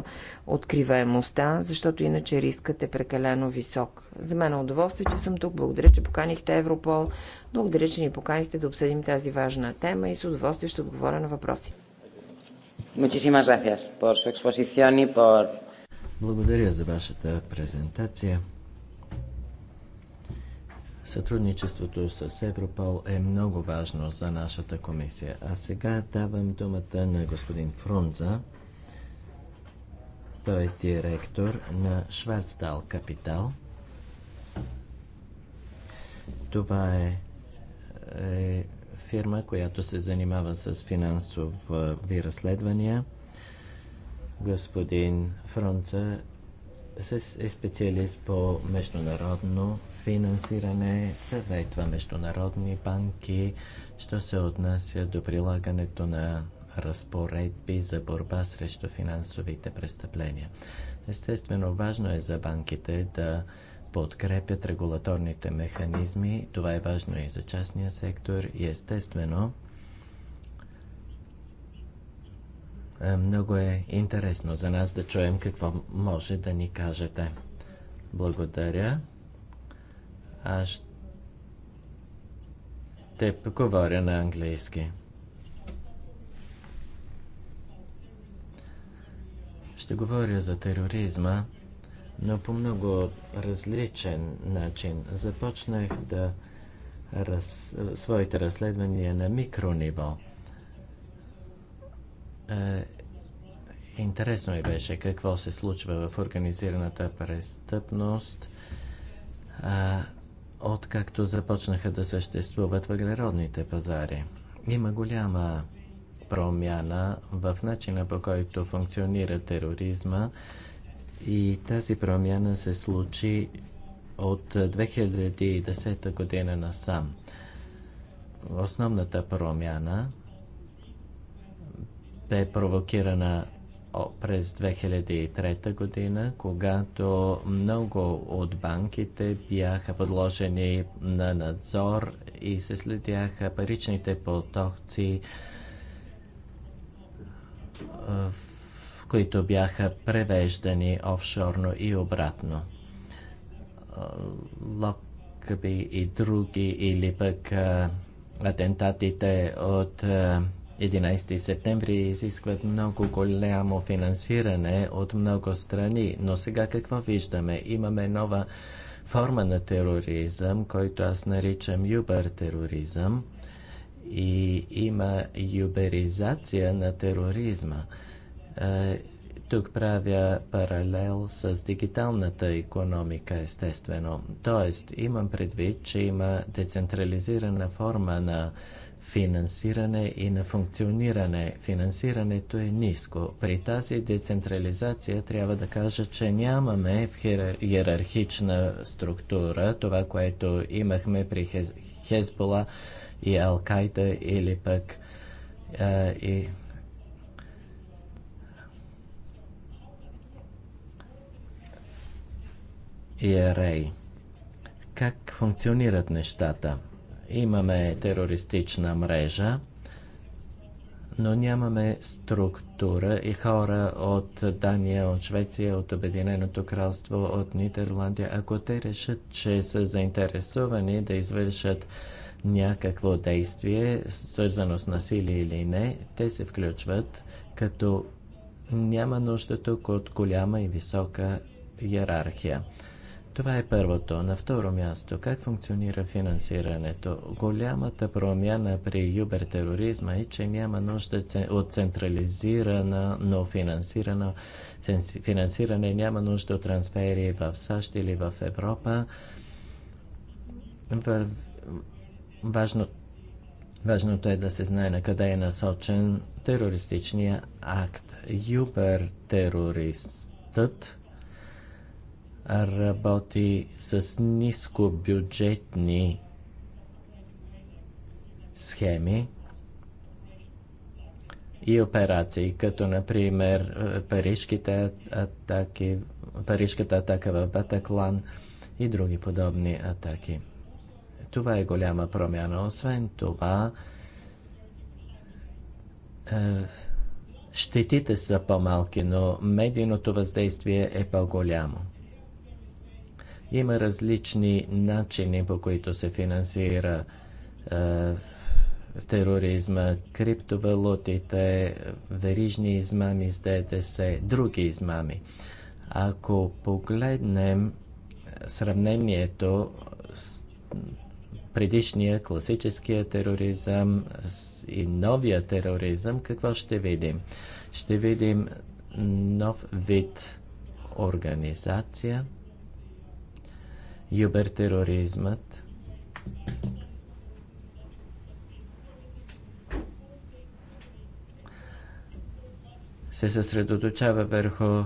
откриваемостта, защото иначе рискът е прекалено висок. За мен е удоволствие, че съм тук. Благодаря, че поканихте Европол. Благодаря, че ни поканихте да обсъдим тази важна тема и с удоволствие ще отговоря на въпроси. Muchísimas gracias por su exposición y por...
Благодаря за вашата презентация. Сътрудничеството с Европол е много важно за нашата комисия. А сега давам думата на господин Фрунза. Той е директор на Шварцтал Капитал. Това е, е фирма, която се занимава с финансови разследвания. Господин Фронца е специалист по международно финансиране съветва международни банки, що се отнася до прилагането на разпоредби за борба срещу финансовите престъпления. Естествено, важно е за банките да подкрепят регулаторните механизми. Това е важно и за частния сектор и естествено е, много е интересно за нас да чуем какво може да ни кажете. Благодаря. Аз. ще говоря на английски. Ще говоря за тероризма, но по много различен начин. Започнах да раз, своите разследвания на микрониво. Е, интересно ми беше какво се случва в организираната престъпност откакто започнаха да съществуват въглеродните пазари. Има голяма промяна в начина по който функционира тероризма и тази промяна се случи от 2010 година насам. Основната промяна бе провокирана през 2003 година, когато много от банките бяха подложени на надзор и се следяха паричните потоци, които бяха превеждани офшорно и обратно. Локби и други или пък атентатите от 11 септември изискват много голямо финансиране от много страни, но сега какво виждаме? Имаме нова форма на тероризъм, който аз наричам юбер тероризъм и има юберизация на тероризма. Е, тук правя паралел с дигиталната економика, естествено. Тоест, имам предвид, че има децентрализирана форма на финансиране и на функциониране. Финансирането е ниско. При тази децентрализация трябва да кажа, че нямаме иерархична структура, това, което имахме при Хезбола и Алкайда или пък а, и ERA. Как функционират нещата? Имаме терористична мрежа, но нямаме структура и хора от Дания, от Швеция, от Обединеното кралство, от Нидерландия. Ако те решат, че са заинтересувани да извършат някакво действие, свързано с насилие или не, те се включват, като няма нужда тук от голяма и висока иерархия. Това е първото. На второ място, как функционира финансирането? Голямата промяна при юбертероризма е, че няма нужда от централизирана, но финансирана, финансиране, няма нужда от трансфери в САЩ или в Европа. В... Важно... Важното е да се знае на къде е насочен терористичния акт. Юбертерористът работи с нискобюджетни схеми и операции, като например парижките атаки, парижката атака в Батаклан и други подобни атаки. Това е голяма промяна. Освен това, е, щетите са по-малки, но медийното въздействие е по-голямо. Има различни начини, по които се финансира е, тероризма, криптовалутите, верижни измами с ДДС, други измами. Ако погледнем сравнението с предишния класическия тероризъм и новия тероризъм, какво ще видим? Ще видим нов вид организация – юбертероризмът. се съсредоточава върху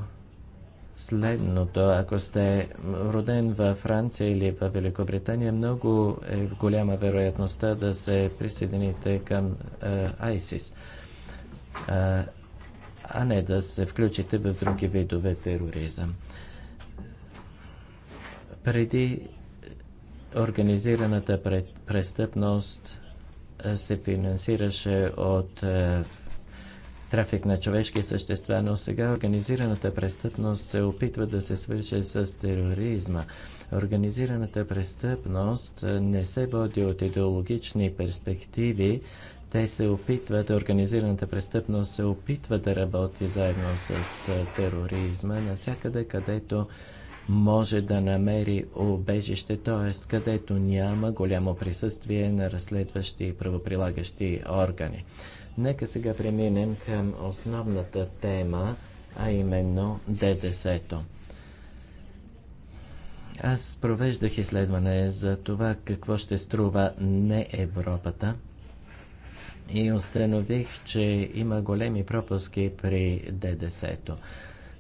следното. Ако сте роден във Франция или във Великобритания, много е голяма вероятността да се присъедините към е, ISIS, а, а не да се включите в други видове тероризъм. Преди организираната престъпност се финансираше от е, трафик на човешки същества, но сега организираната престъпност се опитва да се свърже с тероризма. Организираната престъпност не се води от идеологични перспективи. Те се опитват, организираната престъпност се опитва да работи заедно с тероризма навсякъде, където може да намери убежище, т.е. където няма голямо присъствие на разследващи и правоприлагащи органи. Нека сега преминем към основната тема, а именно ДДС-то. Аз провеждах изследване за това какво ще струва не Европата и установих, че има големи пропуски при ДДС-то.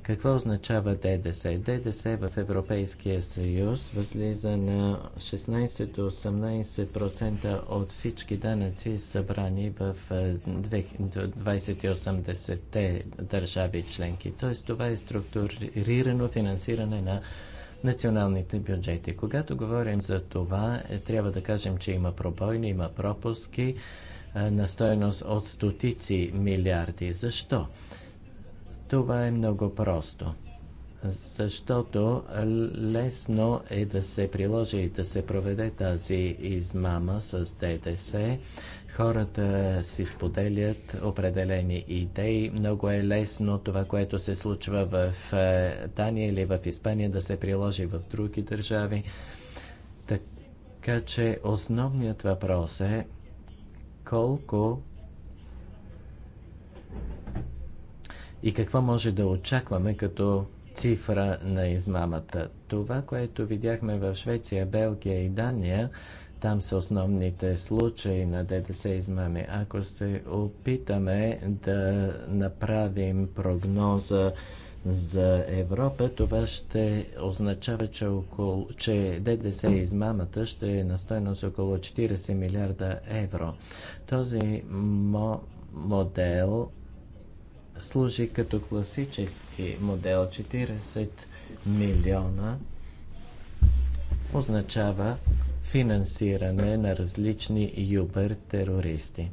Какво означава ДДС? ДДС в Европейския съюз възлиза на 16 18% от всички данъци събрани в 28-те държави членки. Тоест това е структурирано финансиране на националните бюджети. Когато говорим за това, е, трябва да кажем, че има пробойни, има пропуски на стоеност от стотици милиарди. Защо? Това е много просто, защото лесно е да се приложи и да се проведе тази измама с ДДС. Хората си споделят определени идеи. Много е лесно това, което се случва в е, Дания или в Испания, да се приложи в други държави. Така че основният въпрос е колко и какво може да очакваме като цифра на измамата. Това, което видяхме в Швеция, Белгия и Дания, там са основните случаи на ДДС измами. Ако се опитаме да направим прогноза за Европа, това ще означава, че, около, че ДДС измамата ще е на стойност около 40 милиарда евро. Този мо- модел служи като класически модел. 40 милиона означава финансиране на различни юбер терористи.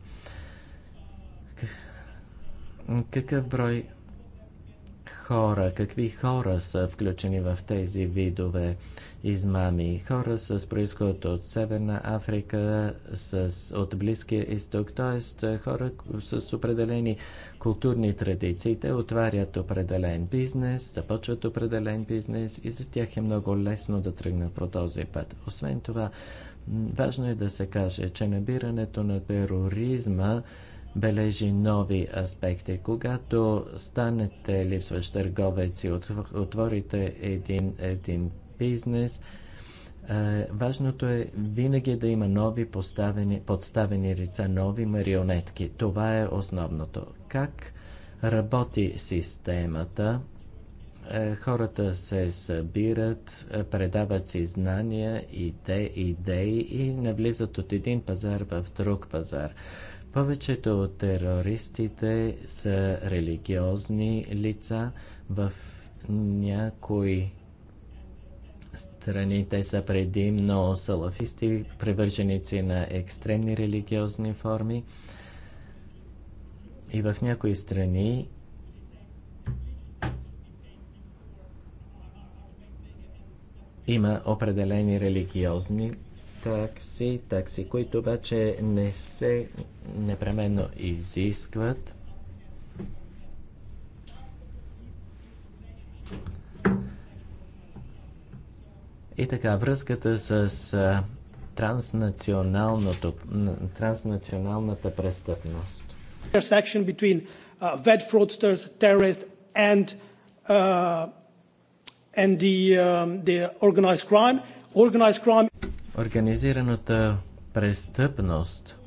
Какъв брой хора, какви хора са включени в тези видове измами. Хора с происход от Северна Африка, с, от Близкия изток, т.е. хора с определени културни традиции. Те отварят определен бизнес, започват определен бизнес и за тях е много лесно да тръгнат по този път. Освен това, важно е да се каже, че набирането на тероризма бележи нови аспекти. Когато станете липсващ търговец и отворите един, един бизнес, е, важното е винаги да има нови поставени, подставени лица, нови марионетки. Това е основното. Как работи системата? Е, хората се събират, е, предават си знания, иде, идеи и навлизат от един пазар в друг пазар. Повечето от терористите са религиозни лица. В някои страни те са предимно салафисти, привърженици на екстремни религиозни форми. И в някои страни има определени религиозни такси, такси, които обаче не се непременно изискват. И така, връзката с транснационалното, транснационалната престъпност.
Intersection between uh, vet fraudsters, terrorists and, uh, and um,
Организираната престъпност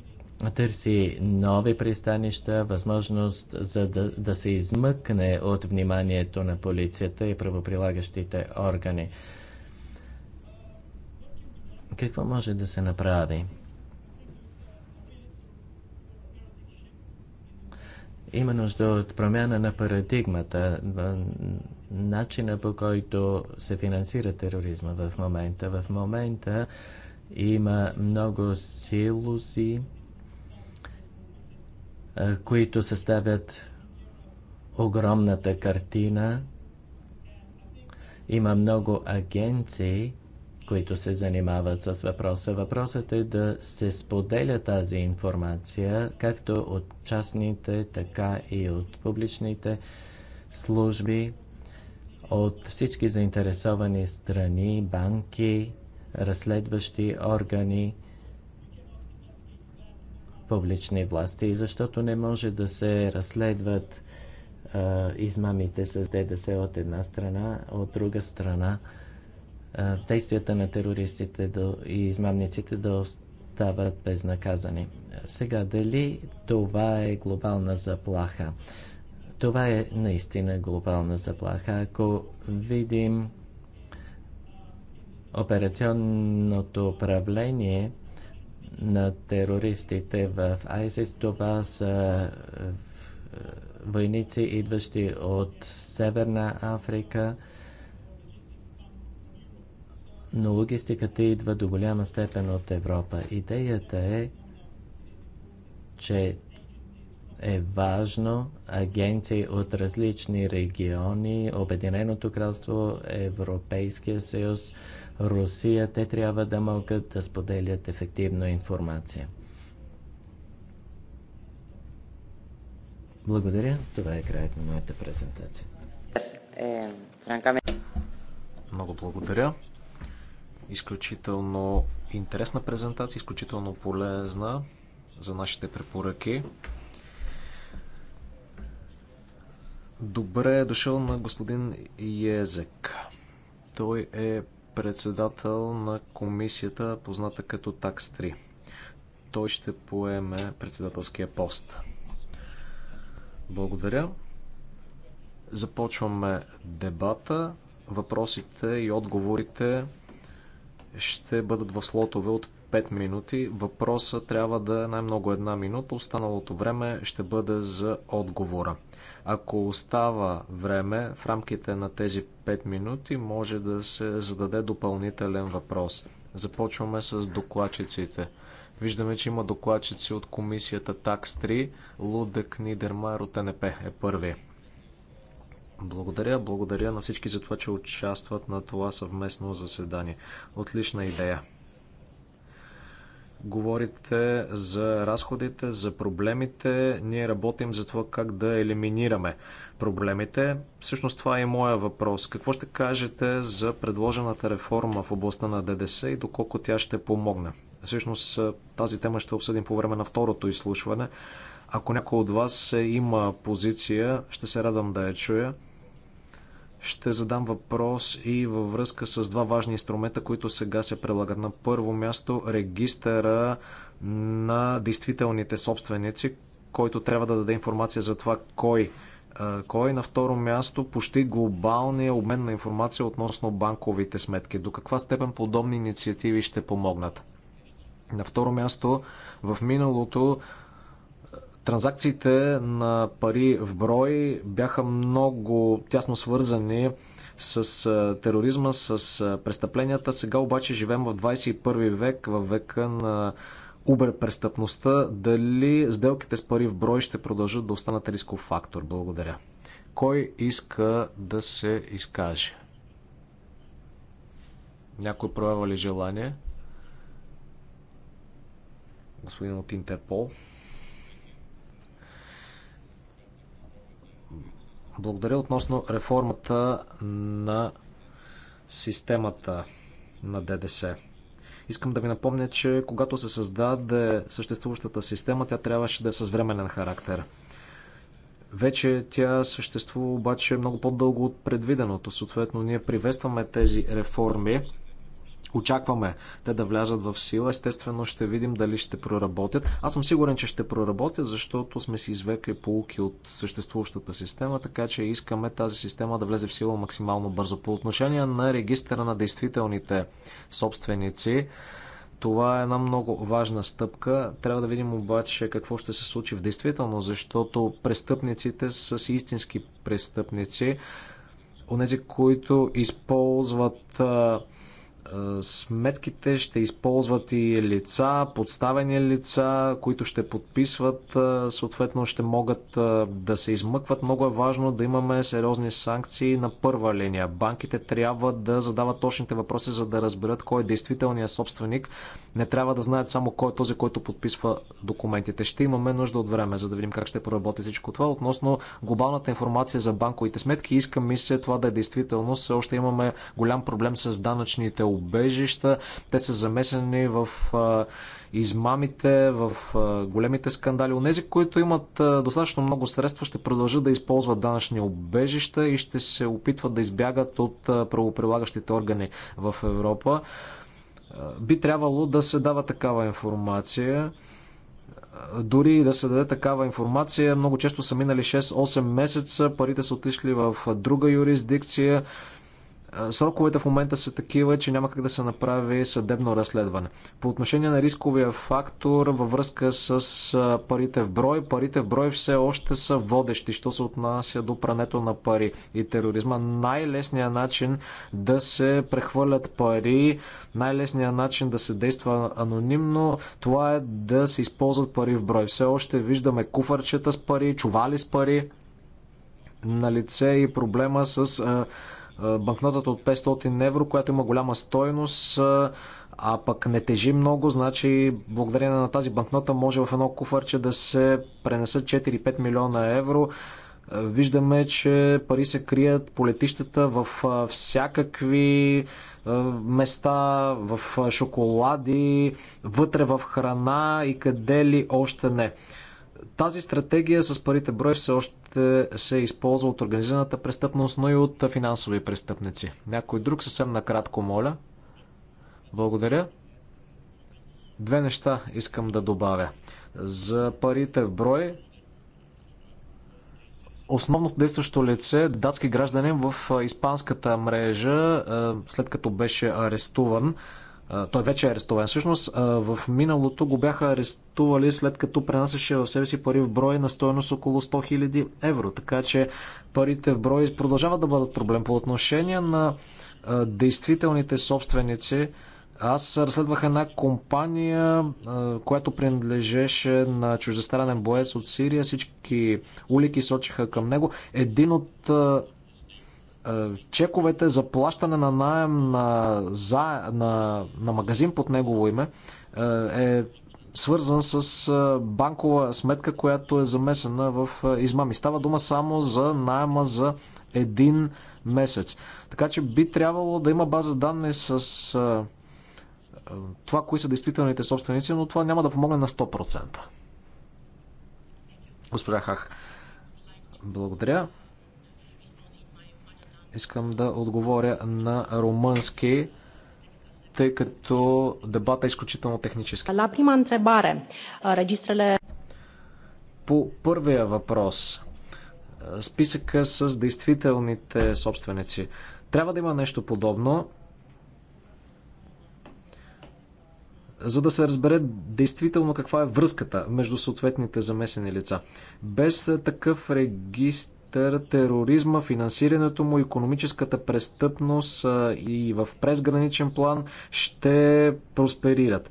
търси нови пристанища, възможност за да, да се измъкне от вниманието на полицията и правоприлагащите органи. Какво може да се направи? има нужда от промяна на парадигмата, начина по който се финансира тероризма в момента. В момента има много силуси, които съставят огромната картина. Има много агенции, които се занимават с въпроса. Въпросът е да се споделя тази информация, както от частните, така и от публичните служби, от всички заинтересовани страни, банки, разследващи органи, публични власти, защото не може да се разследват а, измамите с ДДС от една страна, от друга страна а, действията на терористите до, и измамниците да остават безнаказани. Сега, дали това е глобална заплаха? Това е наистина глобална заплаха. Ако видим операционното управление на терористите в АйСИС, Това са е, войници, идващи от Северна Африка, но логистиката идва до голяма степен от Европа. Идеята е, че е важно агенции от различни региони, Обединеното кралство, Европейския съюз, Русия, те трябва да могат да споделят ефективно информация. Благодаря. Това е краят на моята презентация. Много благодаря.
Изключително интересна презентация, изключително полезна за нашите препоръки. Добре е дошъл на господин Езек. Той е председател на комисията, позната като ТАКС-3. Той ще поеме председателския пост. Благодаря. Започваме дебата. Въпросите и отговорите ще бъдат в слотове от 5 минути. Въпросът трябва да е най-много една минута. Останалото време ще бъде за отговора. Ако остава време, в рамките на тези 5 минути може да се зададе допълнителен въпрос. Започваме с докладчиците. Виждаме, че има докладчици от комисията ТАКС-3. Лудък Нидермайер от НП е първи. Благодаря, благодаря на всички за това, че участват на това съвместно заседание. Отлична идея. Говорите за разходите, за проблемите. Ние работим за това как да елиминираме проблемите. Всъщност това е и моя въпрос. Какво ще кажете за предложената реформа в областта на ДДС и доколко тя ще помогне? Всъщност тази тема ще обсъдим по време на второто изслушване. Ако някой от вас е, има позиция, ще се радвам да я чуя ще задам въпрос и във връзка с два важни инструмента, които сега се прилагат. На първо място регистъра на действителните собственици, който трябва да даде информация за това кой кой на второ място почти глобалния обмен на информация относно банковите сметки. До каква степен подобни инициативи ще помогнат? На второ място, в миналото Транзакциите на пари в брой бяха много тясно свързани с тероризма, с престъпленията. Сега обаче живеем в 21 век, в века на уберпрестъпността. Дали сделките с пари в брой ще продължат да останат рисков фактор? Благодаря. Кой иска да се изкаже? Някой проявява ли желание? Господин от Интерпол. Благодаря относно реформата на системата на ДДС. Искам да ви напомня, че когато се създаде съществуващата система, тя трябваше да е с временен характер. Вече тя съществува обаче много по-дълго от предвиденото. Съответно, ние приветстваме тези реформи Очакваме те да влязат в сила. Естествено ще видим дали ще проработят. Аз съм сигурен, че ще проработят, защото сме си извекли полуки от съществуващата система, така че искаме тази система да влезе в сила максимално бързо. По отношение на регистъра на действителните собственици, това е една много важна стъпка. Трябва да видим обаче какво ще се случи в действително, защото престъпниците са си истински престъпници. Онези, които използват сметките ще използват и лица, подставени лица, които ще подписват, съответно ще могат да се измъкват. Много е важно да имаме сериозни санкции на първа линия. Банките трябва да задават точните въпроси, за да разберат кой е действителният собственик. Не трябва да знаят само кой е този, който подписва документите. Ще имаме нужда от време, за да видим как ще проработи всичко това. Относно глобалната информация за банковите сметки, искам мисля това да е действително. Все още имаме голям проблем с данъчните убежища. Те са замесени в измамите, в големите скандали. Онези, които имат достатъчно много средства, ще продължат да използват данъчни убежища и ще се опитват да избягат от правоприлагащите органи в Европа. Би трябвало да се дава такава информация. Дори да се даде такава информация, много често са минали 6-8 месеца, парите са отишли в друга юрисдикция Сроковете в момента са такива, че няма как да се направи съдебно разследване. По отношение на рисковия фактор във връзка с парите в брой, парите в брой все още са водещи, що се отнася до прането на пари и тероризма. Най-лесният начин да се прехвърлят пари, най-лесният начин да се действа анонимно, това е да се използват пари в брой. Все още виждаме куфарчета с пари, чували с пари, на лице и проблема с банкнотата от 500 евро, която има голяма стойност, а пък не тежи много, значи благодарение на тази банкнота може в едно куфарче да се пренесат 4-5 милиона евро. Виждаме, че пари се крият по летищата в всякакви места, в шоколади, вътре в храна и къде ли още не. Тази стратегия с парите брой все още се използва от организираната престъпност, но и от финансови престъпници. Някой друг съвсем накратко, моля. Благодаря. Две неща искам да добавя. За парите в брой, основното действащо лице, датски гражданин в испанската мрежа, след като беше арестуван, той вече е арестуван всъщност, в миналото го бяха арестували след като пренасяше в себе си пари в брой на стоеност около 100 000 евро. Така че парите в брой продължават да бъдат проблем. По отношение на действителните собственици, аз разследвах една компания, която принадлежеше на чуждестранен боец от Сирия. Всички улики сочиха към него. Един от е, чековете за плащане на найем на, за, на, на магазин под негово име е, е свързан с е, банкова сметка, която е замесена в измами. Става дума само за найема за един месец. Така че би трябвало да има база данни с това, кои са действителните собственици, но това няма да помогне на 100%. Господа Хах, благодаря. Искам да отговоря на румънски, тъй като дебата е изключително технически. La prima întrebare, uh, registrele... По първия въпрос, uh, списъка с действителните собственици. Трябва да има нещо подобно, за да се разбере действително каква е връзката между съответните замесени лица. Без uh, такъв регистр характер, тероризма, финансирането му, економическата престъпност и в презграничен план ще просперират.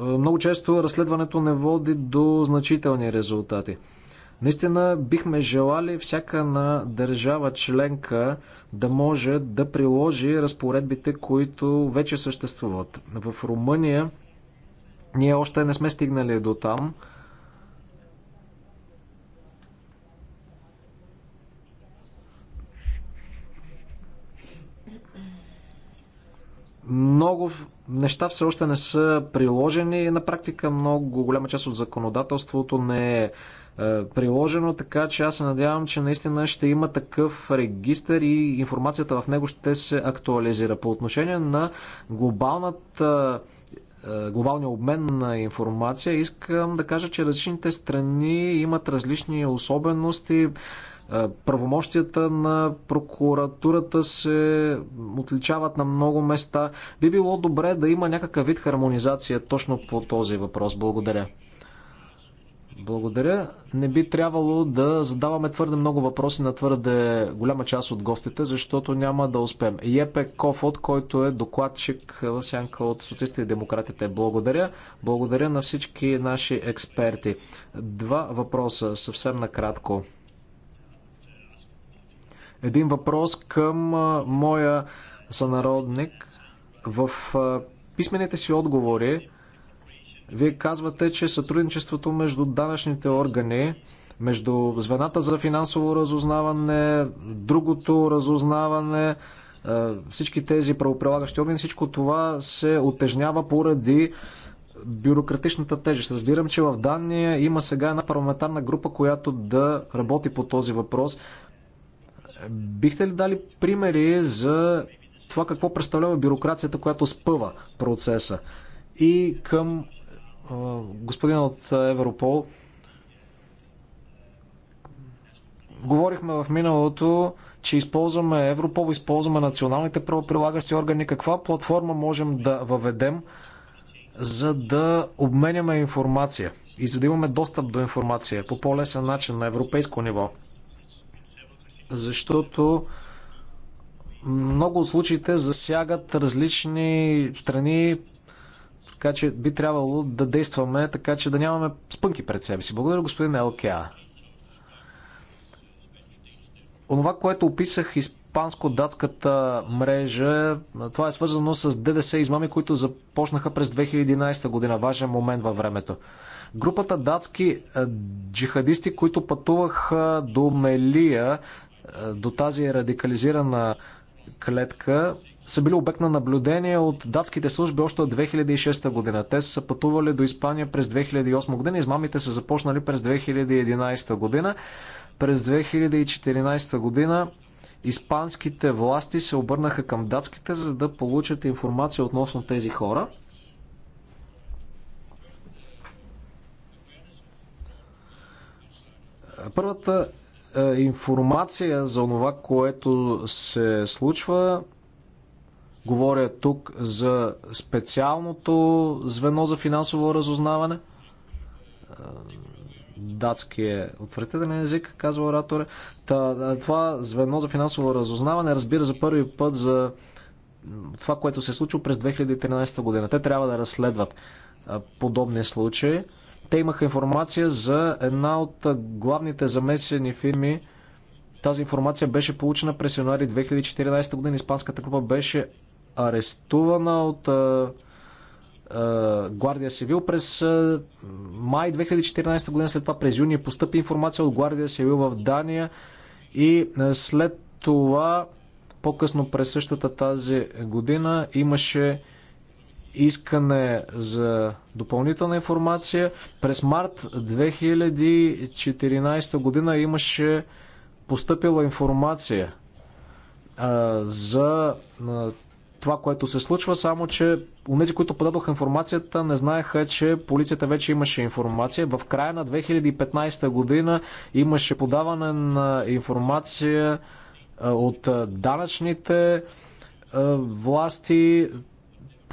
Много често разследването не води до значителни резултати. Наистина бихме желали всяка на държава членка да може да приложи разпоредбите, които вече съществуват. В Румъния ние още не сме стигнали до там. Много неща все още не са приложени на практика много голяма част от законодателството не е, е приложено, така че аз се надявам, че наистина ще има такъв регистр и информацията в него ще се актуализира. По отношение на глобалната е, глобалния обмен на информация, искам да кажа, че различните страни имат различни особености, е, правомощията на прокуратурата се отличават на много места. Би било добре да има някакъв вид хармонизация точно по този въпрос. Благодаря. Благодаря. Не би трябвало да задаваме твърде много въпроси на твърде голяма част от гостите, защото няма да успеем. Епе Кофот, който е докладчик в сянка от социалистите и демократите. Благодаря. Благодаря на всички наши експерти. Два въпроса, съвсем накратко един въпрос към моя сънародник. В писмените си отговори вие казвате, че сътрудничеството между данъчните органи, между звената за финансово разузнаване, другото разузнаване, всички тези правоприлагащи органи, всичко това се отежнява поради бюрократичната тежест. Разбирам, че в Дания има сега една парламентарна група, която да работи по този въпрос. Бихте ли дали примери за това какво представлява бюрокрацията, която спъва процеса? И към господин от Европол. Говорихме в миналото, че използваме Европол, използваме националните правоприлагащи органи. Каква платформа можем да въведем, за да обменяме информация и за да имаме достъп до информация по по-лесен начин на европейско ниво? защото много от случаите засягат различни страни, така че би трябвало да действаме така, че да нямаме спънки пред себе си. Благодаря, господин Елкеа. Онова, което описах испанско-датската мрежа, това е свързано с ДДС измами, които започнаха през 2011 година. Важен момент във времето. Групата датски джихадисти, които пътуваха до Мелия, до тази радикализирана клетка са били обект на наблюдение от датските служби още от 2006 година. Те са пътували до Испания през 2008 година, измамите са започнали през 2011 година. През 2014 година испанските власти се обърнаха към датските, за да получат информация относно тези хора. Първата е, информация за това, което се случва. Говоря тук за специалното звено за финансово разузнаване. Е, Датския е отвратителен език, казва оратора. това звено за финансово разузнаване разбира за първи път за това, което се е случило през 2013 година. Те трябва да разследват подобни случаи. Те имаха информация за една от главните замесени фирми. Тази информация беше получена през януари 2014 година. Испанската група беше арестувана от Гвардия Севил през май 2014 година. След това през юни постъпи информация от Гвардия Севил в Дания и след това по-късно през същата тази година имаше искане за допълнителна информация. През март 2014 година имаше поступила информация а, за а, това, което се случва, само че онези, които подадоха информацията, не знаеха, че полицията вече имаше информация. В края на 2015 година имаше подаване на информация а, от данъчните власти.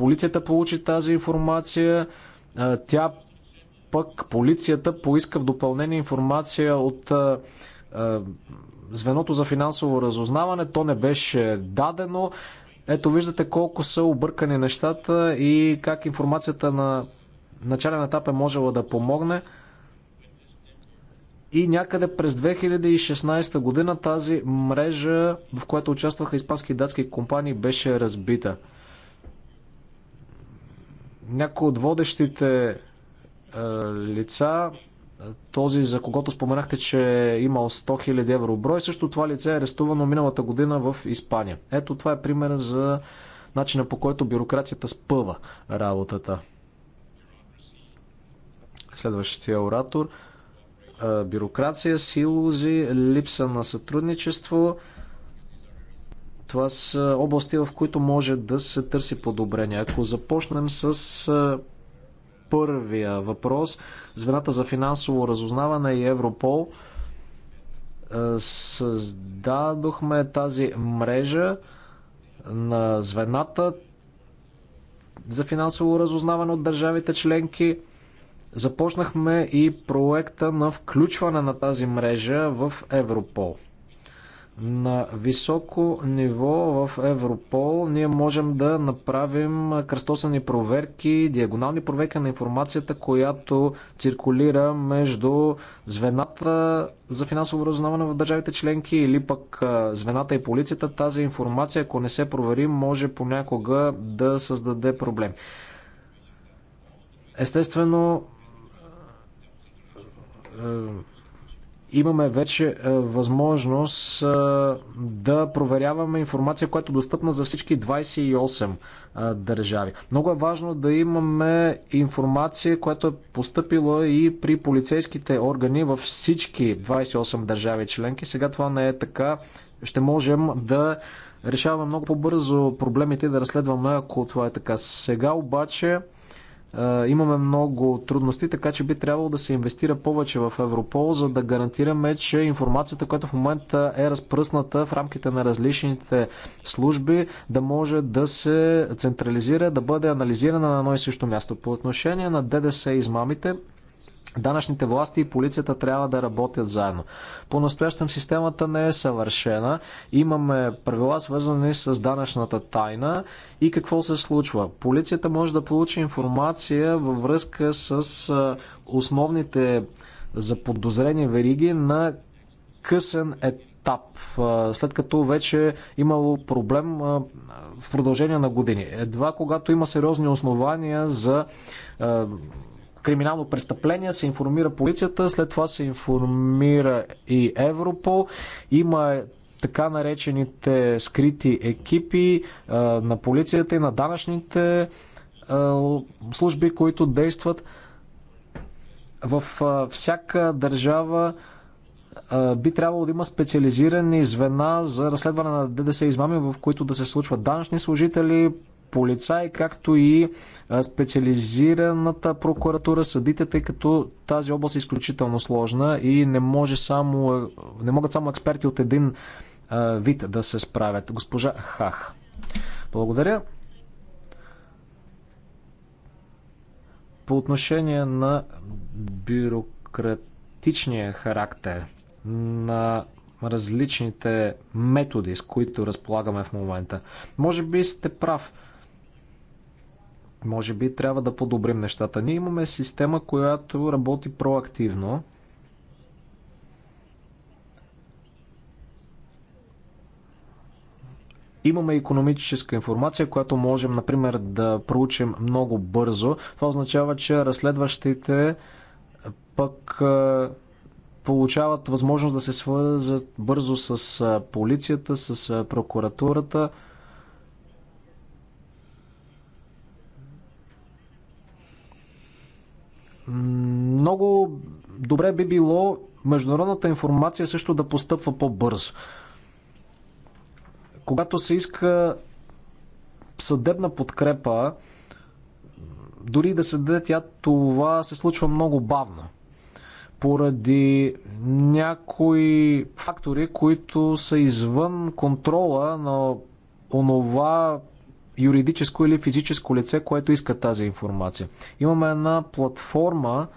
Полицията получи тази информация. Тя пък полицията поиска в допълнение информация от звеното за финансово разузнаване. То не беше дадено. Ето виждате колко са объркани нещата и как информацията на начален етап е можела да помогне. И някъде през 2016 година тази мрежа, в която участваха испански и датски компании, беше разбита някои от водещите е, лица, е, този за когото споменахте, че е имал 100 000 евро брой, също това лице е арестувано миналата година в Испания. Ето това е пример за начина по който бюрокрацията спъва работата. Следващия оратор. Е, бюрокрация, силузи, липса на сътрудничество – това са области, в които може да се търси подобрение. Ако започнем с първия въпрос, звената за финансово разузнаване и Европол, създадохме тази мрежа на звената за финансово разузнаване от държавите членки. Започнахме и проекта на включване на тази мрежа в Европол. На високо ниво в Европол ние можем да направим кръстосани проверки, диагонални проверки на информацията, която циркулира между звената за финансово разузнаване в държавите членки или пък звената и полицията. Тази информация, ако не се провери, може понякога да създаде проблем. Естествено, имаме вече е, възможност е, да проверяваме информация, която е достъпна за всички 28 е, държави. Много е важно да имаме информация, която е поступила и при полицейските органи във всички 28 държави членки. Сега това не е така. Ще можем да решаваме много по-бързо проблемите и да разследваме, ако това е така. Сега обаче имаме много трудности, така че би трябвало да се инвестира повече в Европол, за да гарантираме, че информацията, която в момента е разпръсната в рамките на различните служби, да може да се централизира, да бъде анализирана на едно и също място. По отношение на ДДС и измамите, Данъчните власти и полицията трябва да работят заедно. По-настоящем системата не е съвършена. Имаме правила свързани с данъчната тайна и какво се случва. Полицията може да получи информация във връзка с основните заподозрени вериги на късен етап, след като вече имало проблем в продължение на години. Едва когато има сериозни основания за криминално престъпление, се информира полицията, след това се информира и Европол. Има така наречените скрити екипи а, на полицията и на данъчните а, служби, които действат в а, всяка държава би трябвало да има специализирани звена за разследване на ДДС измами, в които да се случват данъчни служители, полицаи, както и специализираната прокуратура, съдите, тъй като тази област е изключително сложна и не, може само, е, не могат само експерти от един вид да се справят. Госпожа Хах. Благодаря. По отношение на бюрократичния характер на различните методи, с които разполагаме в момента. Може би сте прав. Може би трябва да подобрим нещата. Ние имаме система, която работи проактивно. имаме економическа информация, която можем, например, да проучим много бързо. Това означава, че разследващите пък получават възможност да се свързат бързо с полицията, с прокуратурата. Много добре би било международната информация също да постъпва по-бързо. Когато се иска съдебна подкрепа, дори да се даде тя, това се случва много бавно. Поради някои фактори, които са извън контрола на онова, юридическо или физическо лице, което иска тази информация. Имаме една платформа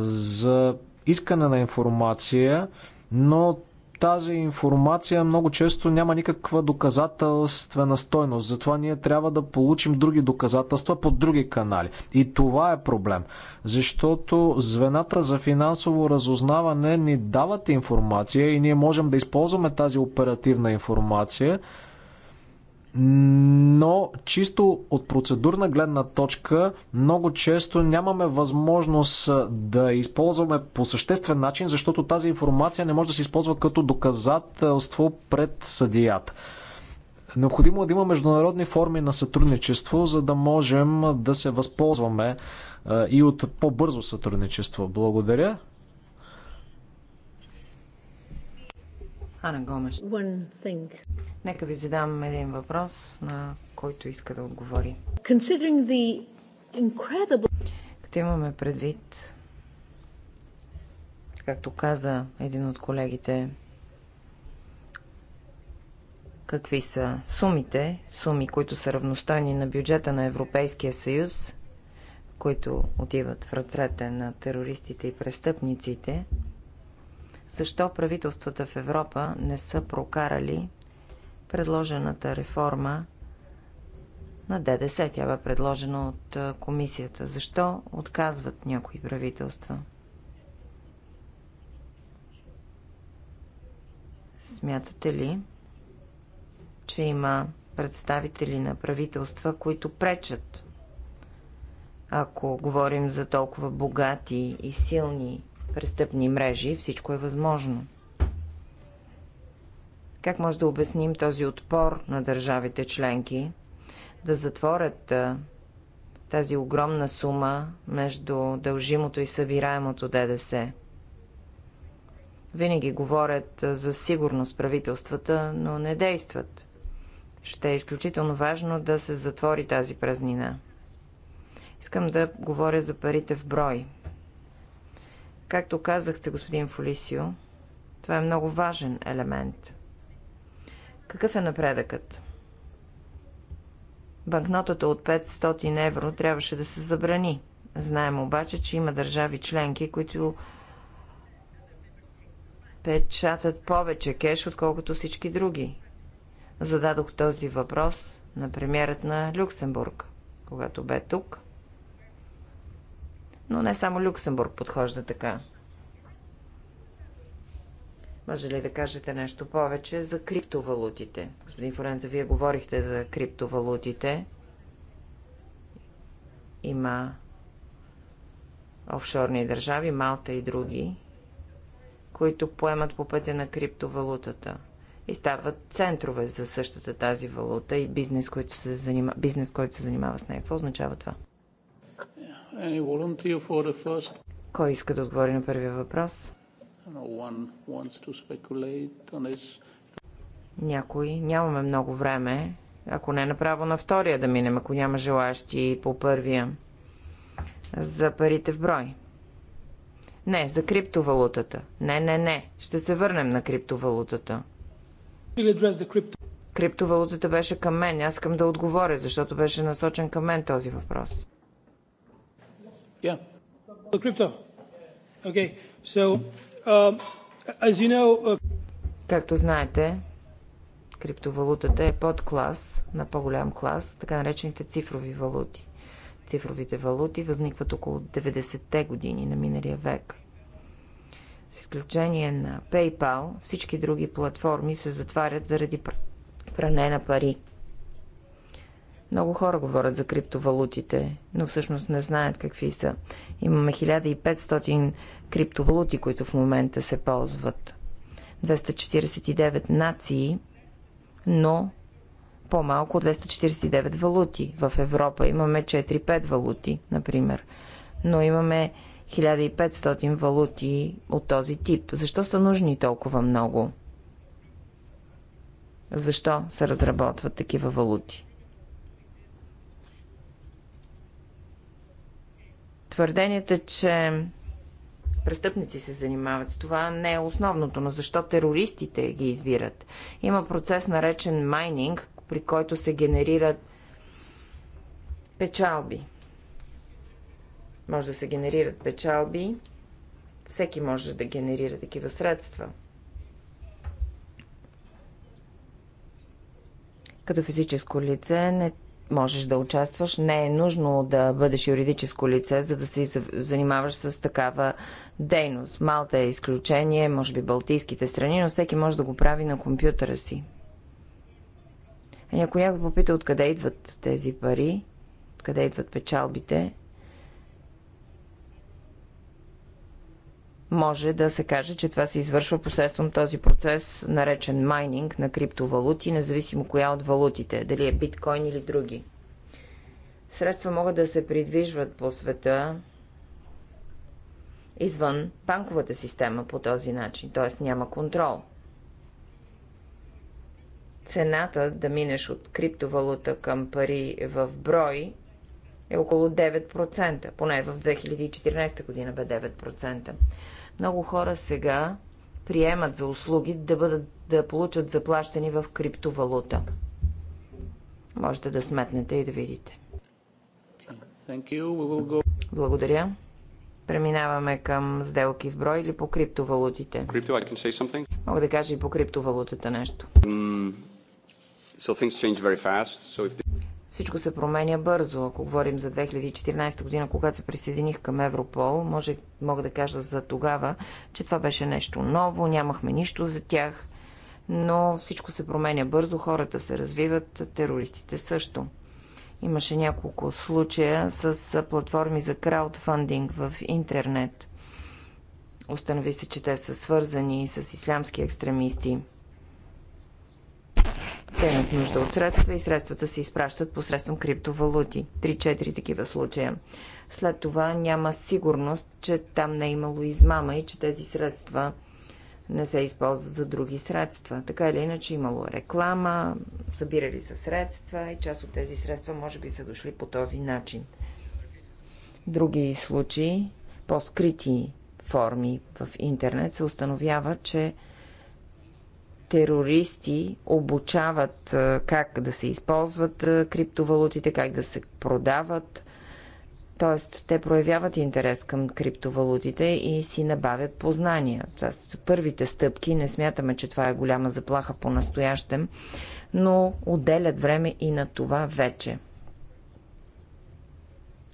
за искане на информация, но тази информация много често няма никаква доказателствена стойност. Затова ние трябва да получим други доказателства по други канали. И това е проблем. Защото звената за финансово разузнаване ни дават информация и ние можем да използваме тази оперативна информация – но чисто от процедурна гледна точка много често нямаме възможност да използваме по съществен начин, защото тази информация не може да се използва като доказателство пред съдията. Необходимо е да има международни форми на сътрудничество, за да можем да се възползваме и от по-бързо сътрудничество. Благодаря.
Ана Гомеш. Нека ви задам един въпрос, на който иска да отговори. Incredible... Като имаме предвид, както каза един от колегите, какви са сумите, суми, които са равностойни на бюджета на Европейския съюз, които отиват в ръцете на терористите и престъпниците – защо правителствата в Европа не са прокарали предложената реформа на ДДС. Тя бе предложена от комисията. Защо отказват някои правителства? Смятате ли, че има представители на правителства, които пречат? Ако говорим за толкова богати и силни престъпни мрежи. Всичко е възможно. Как може да обясним този отпор на държавите членки да затворят тази огромна сума между дължимото и събираемото ДДС? Винаги говорят за сигурност правителствата, но не действат. Ще е изключително важно да се затвори тази празнина. Искам да говоря за парите в брой. Както казахте, господин Фолисио, това е много важен елемент. Какъв е напредъкът? Банкнотата от 500 евро трябваше да се забрани. Знаем обаче, че има държави членки, които печатат повече кеш, отколкото всички други. Зададох този въпрос на премьерът на Люксембург, когато бе тук. Но не само Люксембург подхожда така. Може ли да кажете нещо повече за криптовалутите? Господин Форенца, вие говорихте за криптовалутите. Има офшорни държави, Малта и други, които поемат по пътя на криптовалутата и стават центрове за същата тази валута и бизнес, който се занимава, бизнес, който се занимава с нея. Какво означава това? Кой иска да отговори на първия въпрос? Някой. Нямаме много време. Ако не, направо на втория да минем, ако няма желащи по първия. За парите в брой. Не, за криптовалутата. Не, не, не. Ще се върнем на криптовалутата. Криптовалутата беше към мен. Аз искам да отговоря, защото беше насочен към мен този въпрос. Yeah. The crypto. Okay. So, um, as you know, uh... Както знаете, криптовалутата е под клас на по-голям клас, така наречените цифрови валути. Цифровите валути възникват около 90-те години на миналия век. С изключение на PayPal, всички други платформи се затварят заради пране на пари. Много хора говорят за криптовалутите, но всъщност не знаят какви са. Имаме 1500 криптовалути, които в момента се ползват. 249 нации, но по-малко 249 валути. В Европа имаме 4-5 валути, например. Но имаме 1500 валути от този тип. Защо са нужни толкова много? Защо се разработват такива валути? Твърденията, че престъпници се занимават с това, не е основното, но защо терористите ги избират? Има процес наречен майнинг, при който се генерират печалби. Може да се генерират печалби, всеки може да генерира такива средства. Като физическо лице не можеш да участваш. Не е нужно да бъдеш юридическо лице, за да се занимаваш с такава дейност. Малта е изключение, може би Балтийските страни, но всеки може да го прави на компютъра си. И ами, ако някой попита откъде идват тези пари, откъде идват печалбите, може да се каже, че това се извършва посредством този процес, наречен майнинг на криптовалути, независимо коя от валутите, дали е биткоин или други. Средства могат да се придвижват по света извън банковата система по този начин, т.е. няма контрол. Цената да минеш от криптовалута към пари в брой е около 9%, поне в 2014 година бе 9%. Много хора сега приемат за услуги да, бъдат, да получат заплащани в криптовалута. Можете да сметнете и да видите.
Go...
Благодаря. Преминаваме към сделки в брой или по криптовалутите.
Crypto,
Мога да кажа и по криптовалутата нещо.
Mm. So fast, so if...
Всичко се променя бързо. Ако говорим за 2014 година, когато се присъединих към Европол, може, мога да кажа за тогава, че това беше нещо ново, нямахме нищо за тях, но всичко се променя бързо, хората се развиват, терористите също. Имаше няколко случая с платформи за краудфандинг в интернет. Установи се, че те са свързани с ислямски екстремисти – те имат нужда от средства и средствата се изпращат посредством криптовалути. Три-четири такива случая. След това няма сигурност, че там не е имало измама и че тези средства не се използват за други средства. Така или иначе имало е реклама, събирали са средства и част от тези средства може би са дошли по този начин. Други случаи, по-скрити форми в интернет, се установява, че терористи обучават как да се използват криптовалутите, как да се продават. Тоест, те проявяват интерес към криптовалутите и си набавят познания. Това са първите стъпки. Не смятаме, че това е голяма заплаха по-настоящем, но отделят време и на това вече.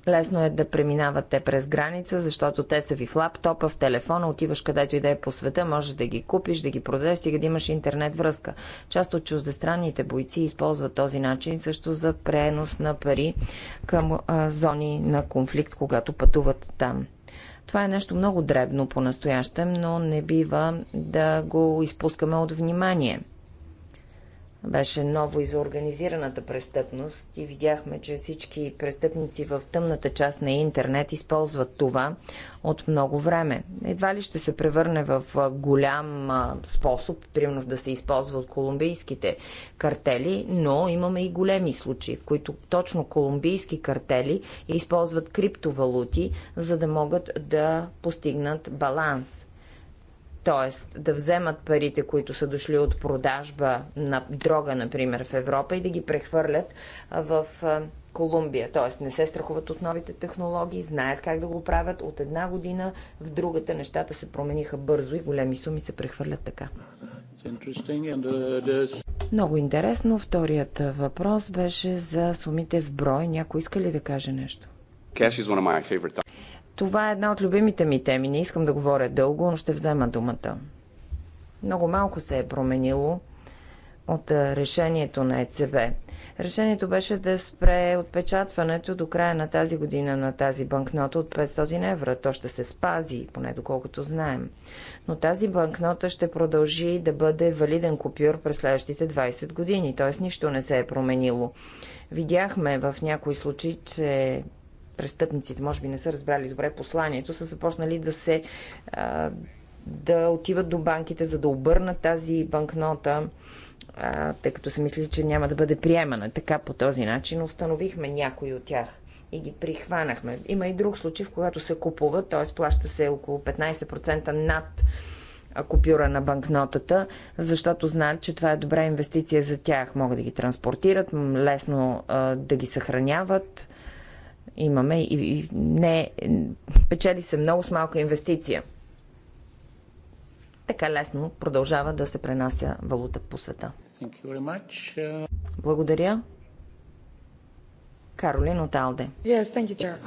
Лесно е да преминават те през граница, защото те са ви в лаптопа, в телефона, отиваш където и да е по света, можеш да ги купиш, да ги продадеш, стига да имаш интернет връзка. Част от чуждестранните бойци използват този начин също за пренос на пари към а, зони на конфликт, когато пътуват там. Това е нещо много дребно по-настоящем, но не бива да го изпускаме от внимание – беше ново и за организираната престъпност и видяхме, че всички престъпници в тъмната част на интернет използват това от много време. Едва ли ще се превърне в голям способ, примерно да се използва от колумбийските картели, но имаме и големи случаи, в които точно колумбийски картели използват криптовалути, за да могат да постигнат баланс т.е. да вземат парите, които са дошли от продажба на дрога, например, в Европа и да ги прехвърлят в Колумбия. Т.е. не се страхуват от новите технологии, знаят как да го правят. От една година в другата нещата се промениха бързо и големи суми се прехвърлят така.
Uh,
Много интересно. Вторият въпрос беше за сумите в брой. Някой иска ли да каже нещо? Това е една от любимите ми теми. Не искам да говоря дълго, но ще взема думата. Много малко се е променило от решението на ЕЦБ. Решението беше да спре отпечатването до края на тази година на тази банкнота от 500 евро. То ще се спази, поне доколкото знаем. Но тази банкнота ще продължи да бъде валиден купюр през следващите 20 години, т.е. нищо не се е променило. Видяхме в някои случаи, че престъпниците, може би не са разбрали добре посланието, са започнали да се да отиват до банките, за да обърнат тази банкнота, тъй като се мисли, че няма да бъде приемана. Така по този начин установихме някои от тях и ги прихванахме. Има и друг случай, в когато се купува, т.е. плаща се около 15% над купюра на банкнотата, защото знаят, че това е добра инвестиция за тях. Могат да ги транспортират, лесно да ги съхраняват имаме и не печели се много с малка инвестиция. Така лесно продължава да се пренася валута по света. Благодаря. Каролин от Алде. Yes, thank you, Chair.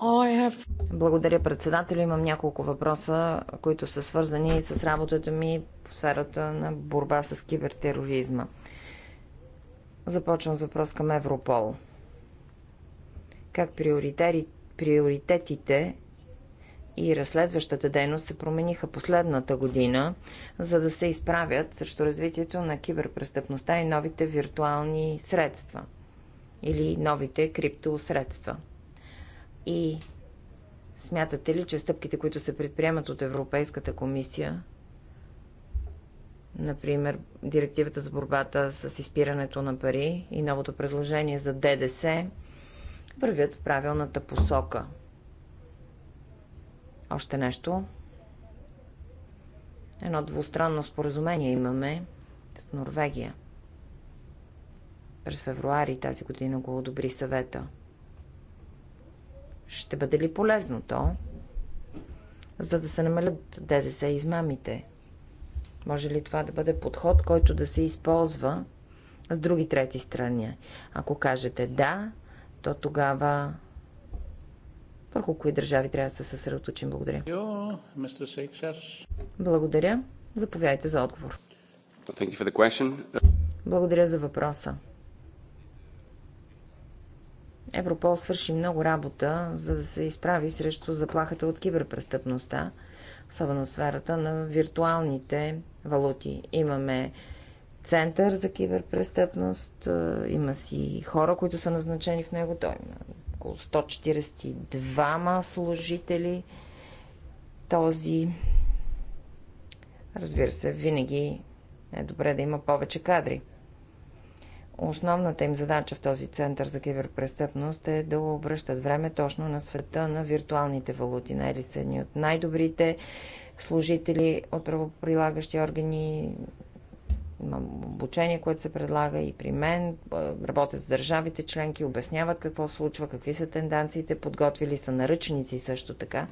Um, Благодаря, председател. Имам няколко въпроса, които са свързани с работата ми в сферата на борба с кибертероризма. Започвам с въпрос към Европол как приоритетите и разследващата дейност се промениха последната година, за да се изправят срещу развитието на киберпрестъпността и новите виртуални средства или новите криптосредства. И смятате ли, че стъпките, които се предприемат от Европейската комисия, например директивата за борбата с изпирането на пари и новото предложение за ДДС, вървят в правилната посока. Още нещо. Едно двустранно споразумение имаме с Норвегия. През февруари тази година го одобри съвета. Ще бъде ли полезно то? За да се намалят ДДС измамите. Може ли това да бъде подход, който да се използва с други трети страни? Ако кажете да, то тогава върху кои държави трябва да се съсредоточим? Благодаря. Благодаря. Заповядайте за отговор. Благодаря за въпроса. Европол свърши много работа, за да се изправи срещу заплахата от киберпрестъпността, особено в сферата на виртуалните валути. Имаме център за киберпрестъпност, е, има си хора, които са назначени в него. Той има около 142 служители. Този, разбира се, винаги е добре да има повече кадри. Основната им задача в този център за киберпрестъпност е да обръщат време точно на света на виртуалните валути. Най-ли са едни от най-добрите служители от правоприлагащи органи, Имам обучение, което се предлага и при мен. Е, работят с държавите членки, обясняват какво случва, какви са тенденциите, подготвили са наръчници също така,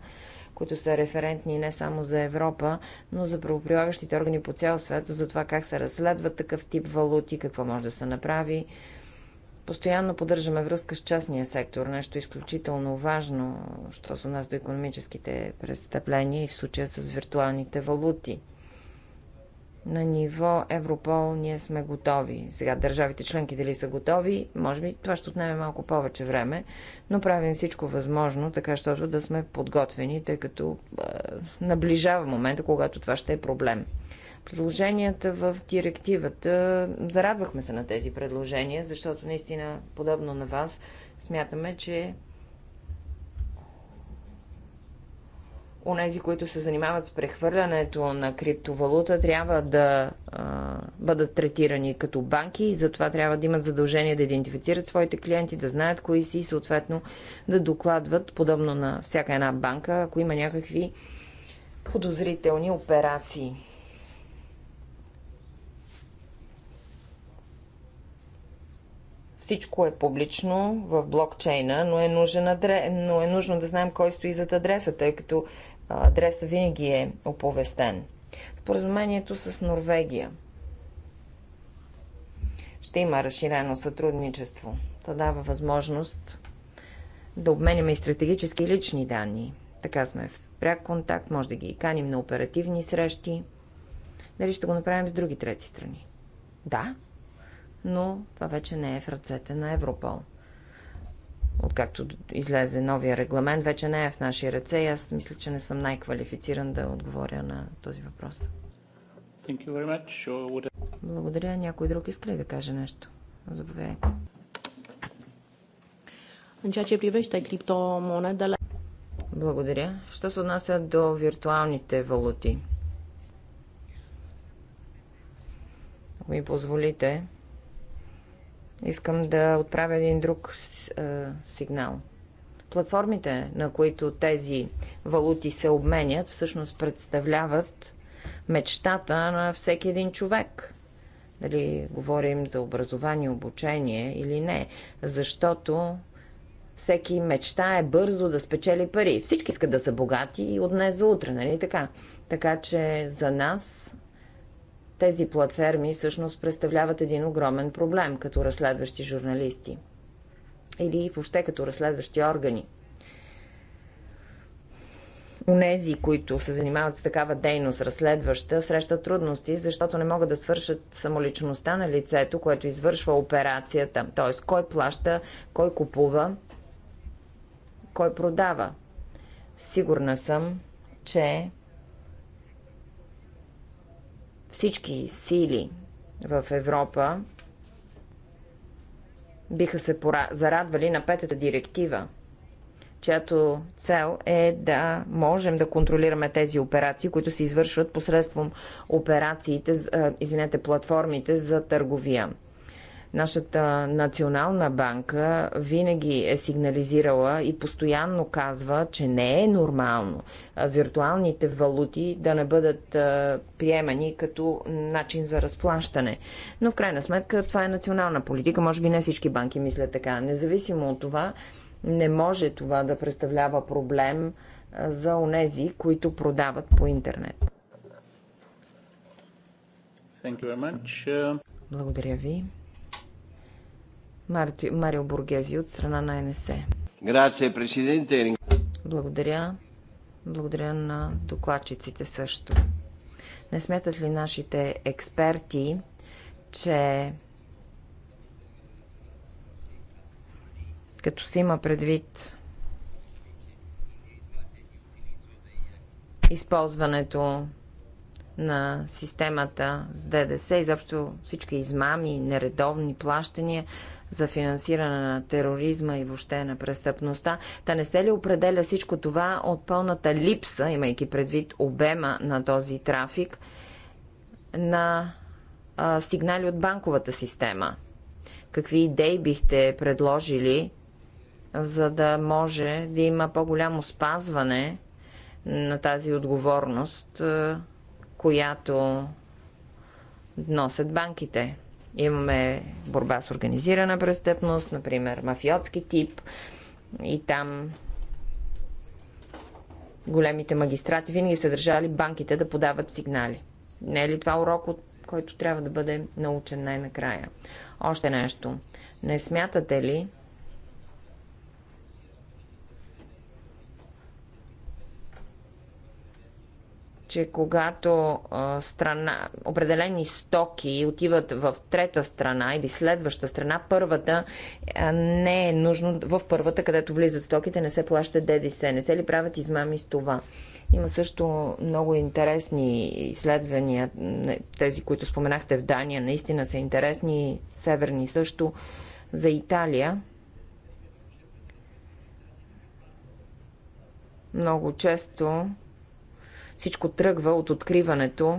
които са референтни не само за Европа, но за правоприлагащите органи по цял свят, за това как се разследва такъв тип валути, какво може да се направи. Постоянно поддържаме връзка с частния сектор, нещо изключително важно, що се нас до економическите престъпления и в случая с виртуалните валути – на ниво Европол ние сме готови. Сега държавите членки дали са готови, може би това ще отнеме малко повече време, но правим всичко възможно, така щото да сме подготвени, тъй като е, наближава момента, когато това ще е проблем. Предложенията в директивата, зарадвахме се на тези предложения, защото наистина, подобно на вас, смятаме, че Онези, които се занимават с прехвърлянето на криптовалута, трябва да а, бъдат третирани като банки и затова трябва да имат задължение да идентифицират своите клиенти, да знаят кои си и съответно да докладват, подобно на всяка една банка, ако има някакви подозрителни операции. Всичко е публично в блокчейна, но е, нужен адре... но е нужно да знаем кой стои зад адреса, тъй като адреса винаги е оповестен. Споразумението с Норвегия. Ще има разширено сътрудничество. Това дава възможност да обменяме и стратегически лични данни. Така сме в пряк контакт, може да ги каним на оперативни срещи. Дали ще го направим с други трети страни? Да, но това вече не е в ръцете на Европол откакто излезе новия регламент, вече не е в наши ръце и аз мисля, че не съм най-квалифициран да отговоря на този въпрос.
Would...
Благодаря. Някой друг иска ли да каже нещо? Заповядайте. Благодаря. Що се отнася до виртуалните валути? Ако ми позволите, Искам да отправя един друг е, сигнал. Платформите, на които тези валути се обменят, всъщност представляват мечтата на всеки един човек. Дали говорим за образование, обучение или не. Защото всеки мечта е бързо да спечели пари. Всички искат да са богати и от днес за утре, нали така? Така че за нас тези платформи всъщност представляват един огромен проблем като разследващи журналисти или въобще като разследващи органи. Унези, които се занимават с такава дейност разследваща, срещат трудности, защото не могат да свършат самоличността на лицето, което извършва операцията. Т.е. кой плаща, кой купува, кой продава. Сигурна съм, че всички сили в Европа биха се зарадвали на петата директива, чиято цел е да можем да контролираме тези операции, които се извършват посредством операциите, извинете, платформите за търговия. Нашата национална банка винаги е сигнализирала и постоянно казва, че не е нормално виртуалните валути да не бъдат приемани като начин за разплащане. Но в крайна сметка това е национална политика. Може би не всички банки мислят така. Независимо от това, не може това да представлява проблем за онези, които продават по интернет. Благодаря ви. Марио Бургези от страна на НС. Благодаря. Благодаря на докладчиците също. Не сметат ли нашите експерти, че като се има предвид използването на системата с ДДС, изобщо всички измами, нередовни плащания за финансиране на тероризма и въобще на престъпността, та не се ли определя всичко това от пълната липса, имайки предвид обема на този трафик, на а, сигнали от банковата система? Какви идеи бихте предложили, за да може да има по-голямо спазване на тази отговорност? която носят банките. Имаме борба с организирана престъпност, например мафиотски тип и там големите магистрати винаги са държали банките да подават сигнали. Не е ли това урок, от който трябва да бъде научен най-накрая? Още нещо. Не смятате ли, че когато страна, определени стоки отиват в трета страна или следваща страна, първата не е нужно, в първата, където влизат стоките, не се плаща ДДС. Не се ли правят измами с това? Има също много интересни изследвания. Тези, които споменахте в Дания, наистина са интересни. Северни също. За Италия. Много често всичко тръгва от откриването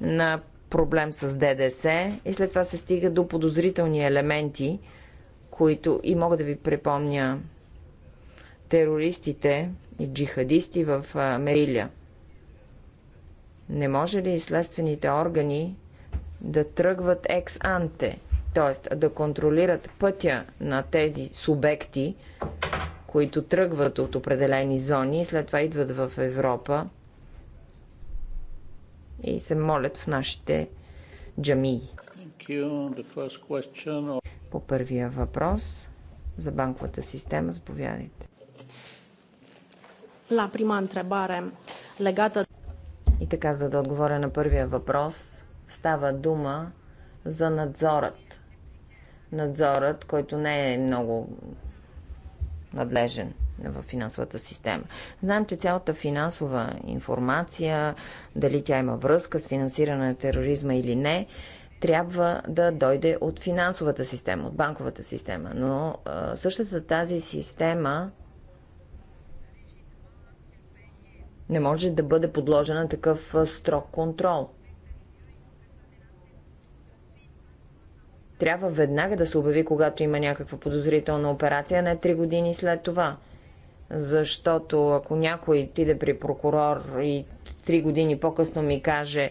на проблем с ДДС и след това се стига до подозрителни елементи, които и мога да ви припомня терористите и джихадисти в Мерилия. Не може ли следствените органи да тръгват екс-анте, т.е. да контролират пътя на тези субекти, които тръгват от определени зони и след това идват в Европа и се молят в нашите джамии. По първия въпрос за банковата система, заповядайте. La prima întrebare legată... И така, за да отговоря на първия въпрос, става дума за надзорът. Надзорът, който не е много надлежен в финансовата система. Знаем, че цялата финансова информация, дали тя има връзка с финансиране на тероризма или не, трябва да дойде от финансовата система, от банковата система. Но а, същата тази система не може да бъде подложена такъв строг контрол. Трябва веднага да се обяви, когато има някаква подозрителна операция, не три години след това – защото ако някой отиде при прокурор и три години по-късно ми каже е,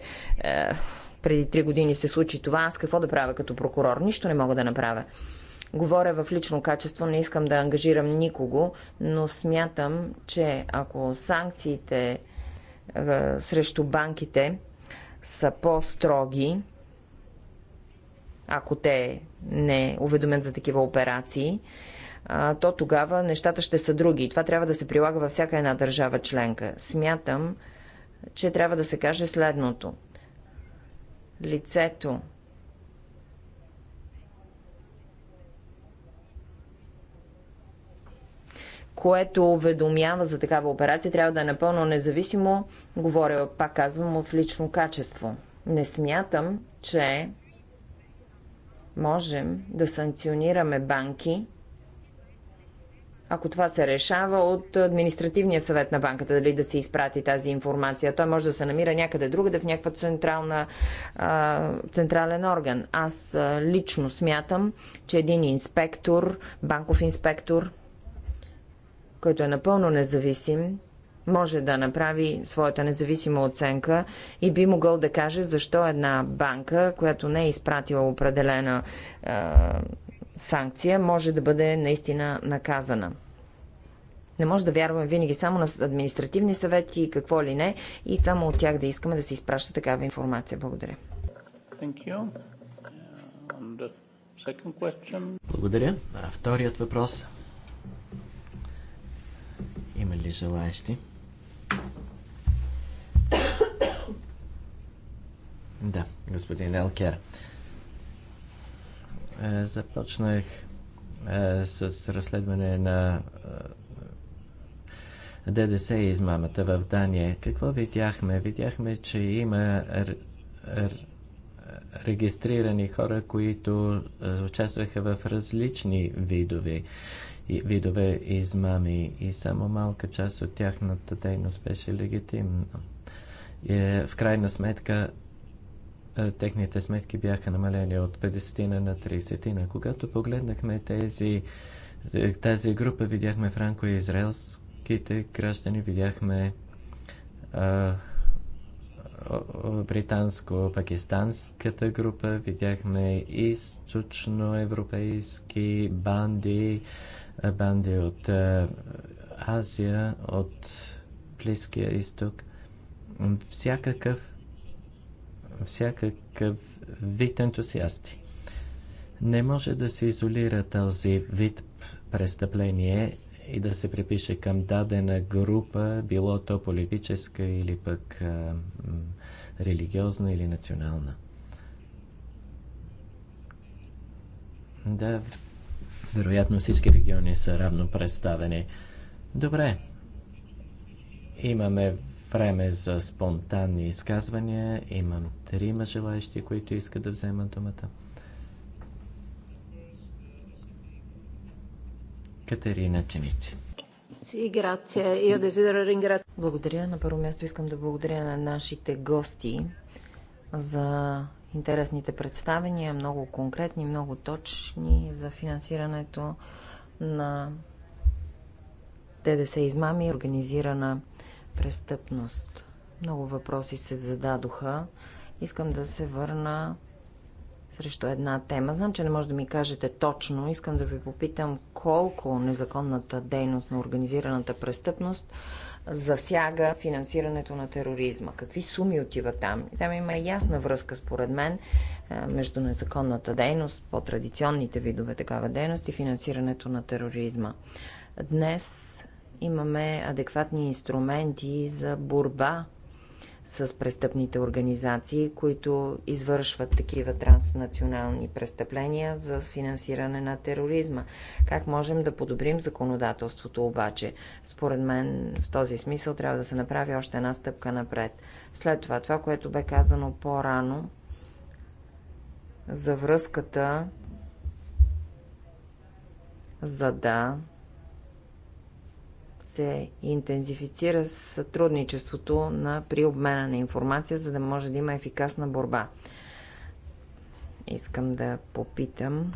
преди три години се случи това, аз какво да правя като прокурор? Нищо не мога да направя. Говоря в лично качество, не искам да ангажирам никого, но смятам, че ако санкциите е, срещу банките са по-строги, ако те не уведомят за такива операции, то тогава нещата ще са други. това трябва да се прилага във всяка една държава членка. Смятам, че трябва да се каже следното. Лицето, което уведомява за такава операция, трябва да е напълно независимо. Говоря, пак казвам, в лично качество. Не смятам, че можем да санкционираме банки, ако това се решава от административния съвет на банката, дали да се изпрати тази информация. Той може да се намира някъде другаде, в някаква централна, централен орган. Аз лично смятам, че един инспектор, банков инспектор, който е напълно независим, може да направи своята независима оценка и би могъл да каже защо една банка, която не е изпратила определена санкция може да бъде наистина наказана. Не може да вярваме винаги само на административни съвети и какво ли не, и само от тях да искаме да се изпраща такава информация. Благодаря.
Uh, Благодаря.
А вторият въпрос. Има ли желаящи? да, господин Елкер. Е, започнах е, с разследване на е, ДДС и измамата в Дания. Какво видяхме? Видяхме, че има регистрирани хора, които участваха в различни видови, видове измами и само малка част от тяхната дейност беше легитимна. И в крайна сметка е, техните сметки бяха намалени от 50 на 30. На. Когато погледнахме тези, е, тази група, видяхме франко-израелските граждани, видяхме а, е, британско-пакистанската група, видяхме източноевропейски банди, банди от Азия, от Близкия изток. Всякакъв всякакъв вид ентусиасти. Не може да се изолира този вид престъпление и да се припише към дадена група, било то политическа или пък а, религиозна или национална. Да, вероятно всички региони са равно представени. Добре. Имаме време за спонтанни изказвания. Имам трима желаящи, които искат да вземат думата. Катерина Ченичи.
Благодаря. На първо място искам да благодаря на нашите гости за интересните представения, много конкретни, много точни за финансирането на ТДС измами, организирана престъпност. Много въпроси се зададоха. Искам да се върна срещу една тема. Знам, че не може да ми кажете точно. Искам да ви попитам колко незаконната дейност на организираната престъпност засяга финансирането на тероризма. Какви суми отива там? И там има ясна връзка, според мен, между незаконната дейност, по-традиционните видове такава дейност и финансирането на тероризма. Днес имаме адекватни инструменти за борба с престъпните организации, които извършват такива транснационални престъпления за финансиране на тероризма. Как можем да подобрим законодателството обаче? Според мен в този смисъл трябва да се направи още една стъпка напред. След това, това, което бе казано по-рано за връзката за да се интензифицира сътрудничеството на, при обмена на информация, за да може да има ефикасна борба. Искам да попитам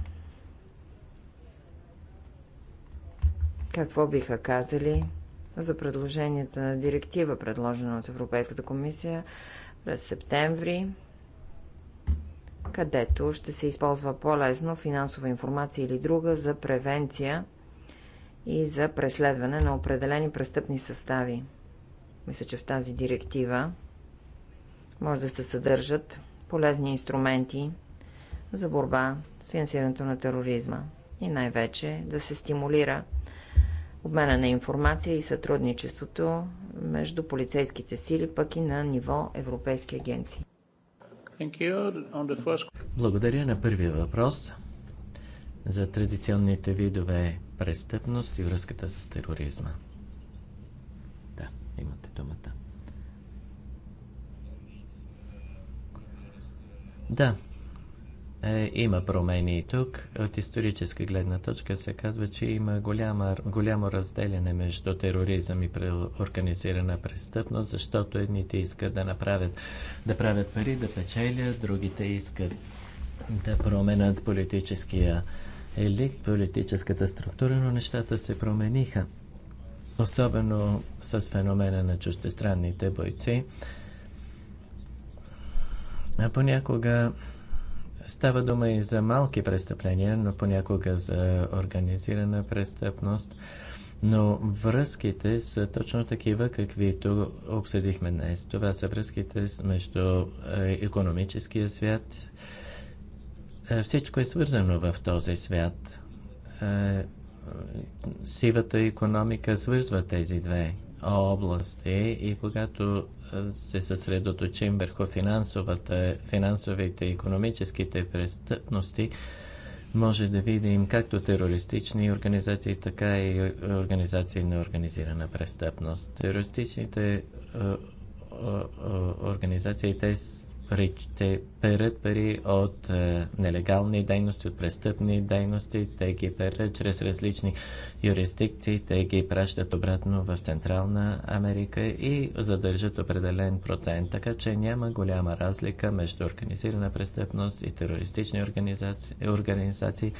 какво биха казали за предложенията на директива, предложена от Европейската комисия през септември, където ще се използва по-лесно финансова информация или друга за превенция и за преследване на определени престъпни състави. Мисля, че в тази директива може да се съдържат полезни инструменти за борба с финансирането на тероризма и най-вече да се стимулира обмена на информация и сътрудничеството между полицейските сили, пък и на ниво европейски агенции.
Благодаря на първия въпрос за традиционните видове престъпност и връзката с тероризма. Да, имате думата. Да, е, има промени и тук. От историческа гледна точка се казва, че има голяма, голямо разделяне между тероризъм и организирана престъпност, защото едните искат да направят, да правят пари, да печелят, другите искат да променят политическия елит политическата структура, но нещата се промениха. Особено с феномена на чуждестранните бойци. А понякога става дума и за малки престъпления, но понякога за организирана престъпност. Но връзките са точно такива, каквито обсъдихме днес. Това са връзките между економическия свят, е, всичко е свързано в този свят. Е, сивата економика свързва тези две области и когато е, се съсредоточим върху финансовите и економическите престъпности, може да видим както терористични организации, така и организации на организирана престъпност. Терористичните организации, те парите, перат пари от е, нелегални дейности, от престъпни дейности, те ги перат чрез различни юрисдикции, те ги пращат обратно в Централна Америка и задържат определен процент, така че няма голяма разлика между организирана престъпност и терористични организации, организации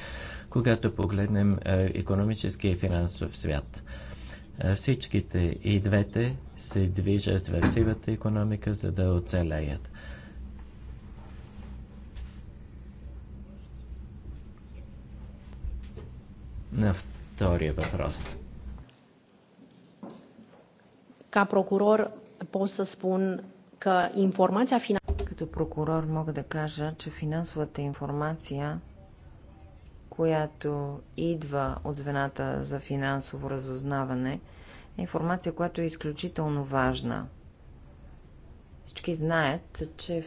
когато погледнем е, економически и финансов свят. Е, всичките и двете се движат в сивата економика, за да оцелеят. на втория въпрос.
Ка прокурор pot să spun că Като прокурор мога да кажа, че финансовата информация, която идва от звената за финансово разузнаване, е информация, която е изключително важна. Всички знаят, че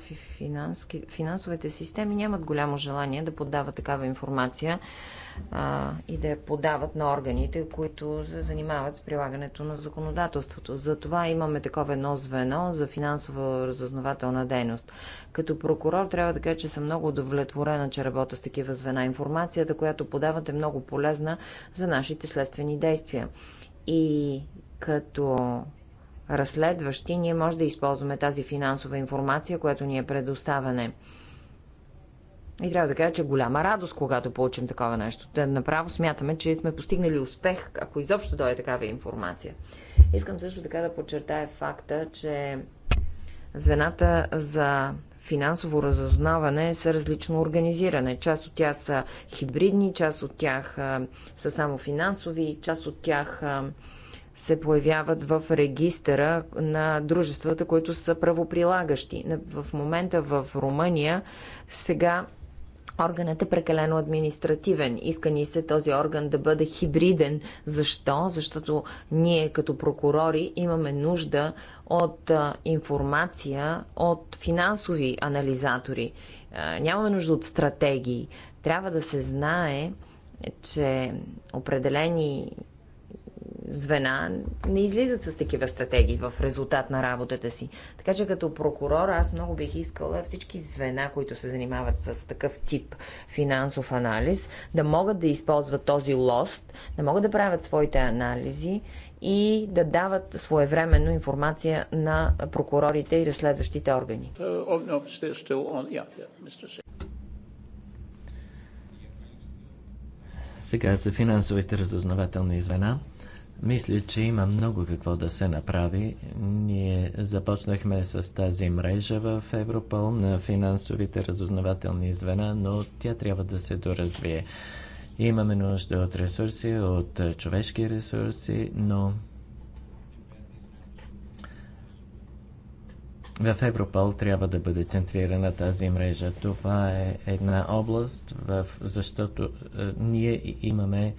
финансовите системи нямат голямо желание да поддават такава информация, а, и да я подават на органите, които се занимават с прилагането на законодателството. Затова имаме такова едно звено за финансова разузнавателна дейност. Като прокурор трябва да кажа, че съм много удовлетворена, че работя с такива звена. Информацията, която подават е много полезна за нашите следствени действия. И като разследващи, ние може да използваме тази финансова информация, която ни е предоставена. И трябва да кажа, че голяма радост, когато получим такова нещо. Те направо смятаме, че сме постигнали успех, ако изобщо дойде такава информация. Искам също така да подчертая факта, че звената за финансово разузнаване са различно организиране. Част от тях са хибридни, част от тях са само финансови, част от тях се появяват в регистъра на дружествата, които са правоприлагащи. В момента в Румъния сега Органът е прекалено административен. Иска ни се този орган да бъде хибриден. Защо? Защото ние като прокурори имаме нужда от информация от финансови анализатори. Нямаме нужда от стратегии. Трябва да се знае, че определени звена не излизат с такива стратегии в резултат на работата си. Така че като прокурор аз много бих искала всички звена, които се занимават с такъв тип финансов анализ, да могат да използват този лост, да могат да правят своите анализи и да дават своевременно информация на прокурорите и разследващите органи.
Uh, oh,
Сега за финансовите разузнавателни звена. Мисля, че има много какво да се направи. Ние започнахме с тази мрежа в Европол на финансовите разузнавателни звена, но тя трябва да се доразвие. Имаме нужда от ресурси, от човешки ресурси, но в Европол трябва да бъде центрирана тази мрежа. Това е една област, в... защото е, ние имаме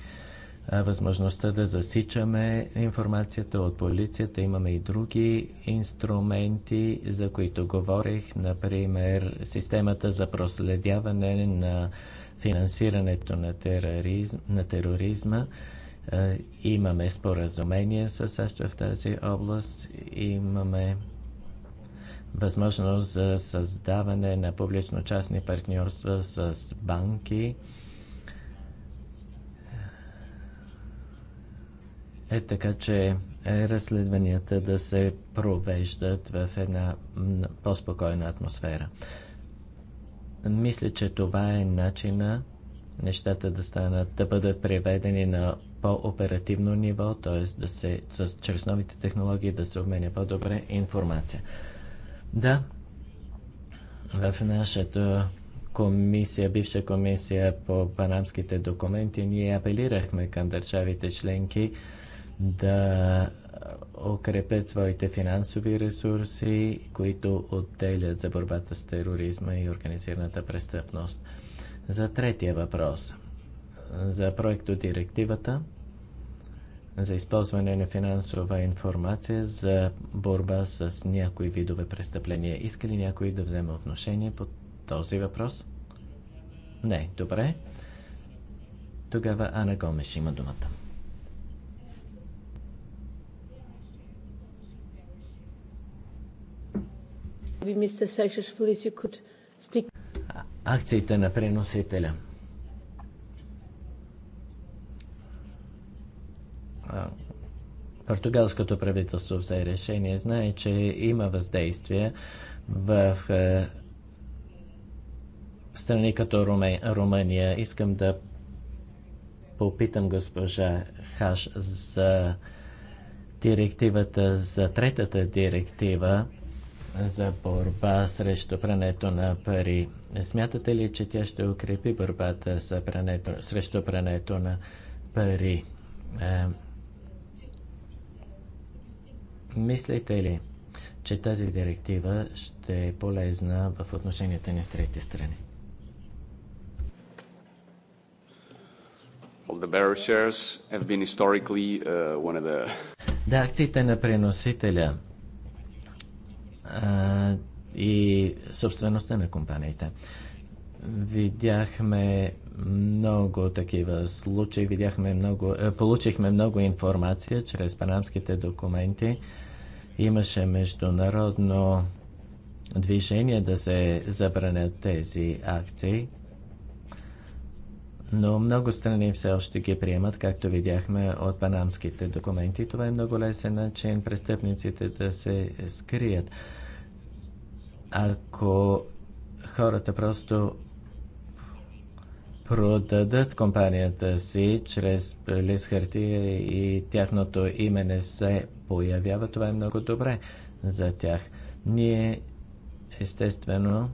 възможността да засичаме информацията от полицията. Имаме и други инструменти, за които говорих, например системата за проследяване на финансирането на, тероризм, на тероризма. Имаме споразумение с САЩ в тази област. Имаме възможност за създаване на публично-частни партньорства с банки е така, че е, разследванията да се провеждат в една по-спокойна атмосфера. Мисля, че това е начина нещата да станат, да бъдат преведени на по-оперативно ниво, т.е. да се, с, чрез новите технологии да се обменя по-добре информация. Да, в нашата комисия, бивша комисия по панамските документи, ние апелирахме към държавите членки да укрепят своите финансови ресурси, които отделят за борбата с тероризма и организираната престъпност. За третия въпрос, за проекто директивата за използване на финансова информация за борба с някои видове престъпления. Иска ли някой да вземе отношение по този въпрос? Не, добре. Тогава Ана Гомеш има думата.
мистер could speak.
Акциите на преносителя. Португалското правителство взе решение. Знае, че има въздействие в е, страни като Румъния. Искам да попитам госпожа Хаш за директивата, за третата директива за борба срещу прането на пари. Смятате ли, че тя ще укрепи борбата за прането, срещу прането на пари? Е, мислите ли, че тази директива ще е полезна в отношенията ни с трети страни?
Well, the bearer shares have been historically uh, one of the...
Да, акциите на приносителя – и собствеността на компаниите. Видяхме много такива случаи, видяхме много, е, получихме много информация чрез панамските документи. Имаше международно движение да се забранят тези акции, но много страни все още ги приемат, както видяхме от панамските документи. Това е много лесен начин престъпниците да се скрият. Ако хората просто продадат компанията си чрез лист хартия и тяхното име не се появява, това е много добре за тях. Ние, естествено,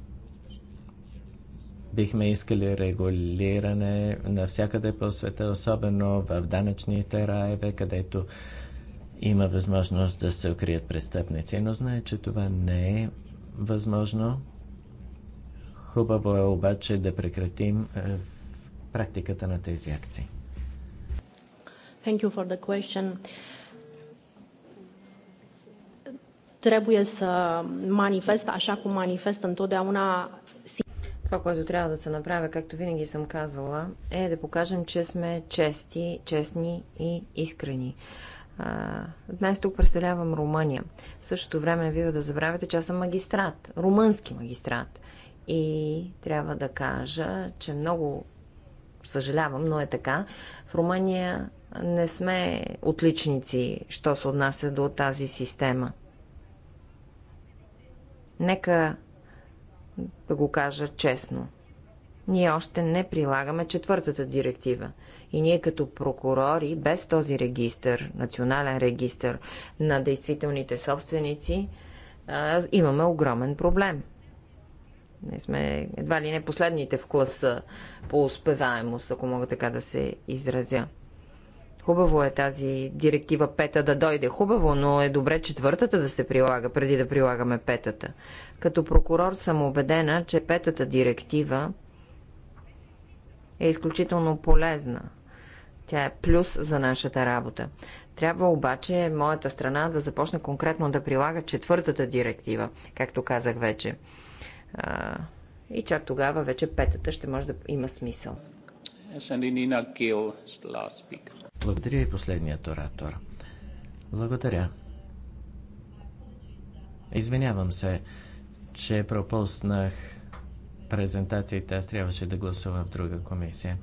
бихме искали регулиране навсякъде по света, особено в данъчните раеве, където има възможност да се укрият престъпници. Но знае, че това не е възможно. Хубаво е обаче да прекратим е, практиката на тези акции. Thank you for the question.
Trebuie să manifest așa cum manifest întotdeauna това, което трябва да се направя, както винаги съм казала, е да покажем, че сме чести, честни и искрени днес тук представлявам Румъния. В същото време не бива да забравяте, че аз съм магистрат, румънски магистрат. И трябва да кажа, че много съжалявам, но е така. В Румъния не сме отличници, що се отнася до тази система. Нека да го кажа честно ние още не прилагаме четвъртата директива. И ние като прокурори, без този регистр, национален регистр на действителните собственици, имаме огромен проблем. Ние сме едва ли не последните в класа по успеваемост, ако мога така да се изразя. Хубаво е тази директива пета да дойде. Хубаво, но е добре четвъртата да се прилага, преди да прилагаме петата. Като прокурор съм убедена, че петата директива е изключително полезна. Тя е плюс за нашата работа. Трябва обаче моята страна да започне конкретно да прилага четвъртата директива, както казах вече. И чак тогава вече петата ще може да има смисъл.
Благодаря и последният оратор. Благодаря. Извинявам се, че пропуснах презентациите. Аз трябваше да гласувам в друга комисия.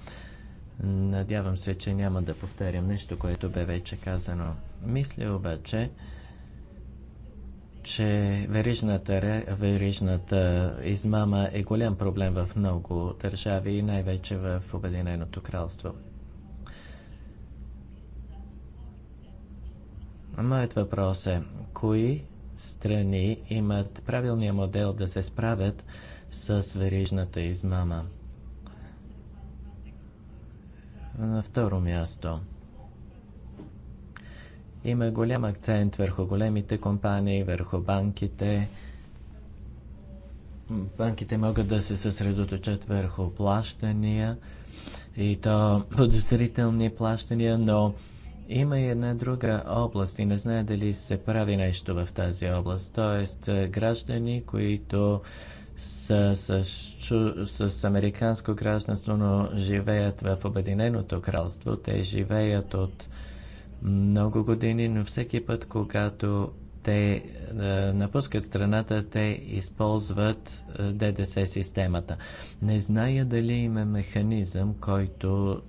Надявам се, че няма да повтарям нещо, което бе вече казано. Мисля обаче, че верижната, верижната измама е голям проблем в много държави и най-вече в Обединеното кралство. Моят въпрос е, кои страни имат правилния модел да се справят с верижната измама. На второ място има голям акцент върху големите компании, върху банките. Банките могат да се съсредоточат върху плащания и то подозрителни плащания, но има и една друга област и не знае дали се прави нещо в тази област. Тоест, граждани, които с, с, с американско гражданство, но живеят в Обединеното кралство. Те живеят от много години, но всеки път, когато те е, напускат страната, те използват е, ДДС системата. Не зная дали има механизъм, който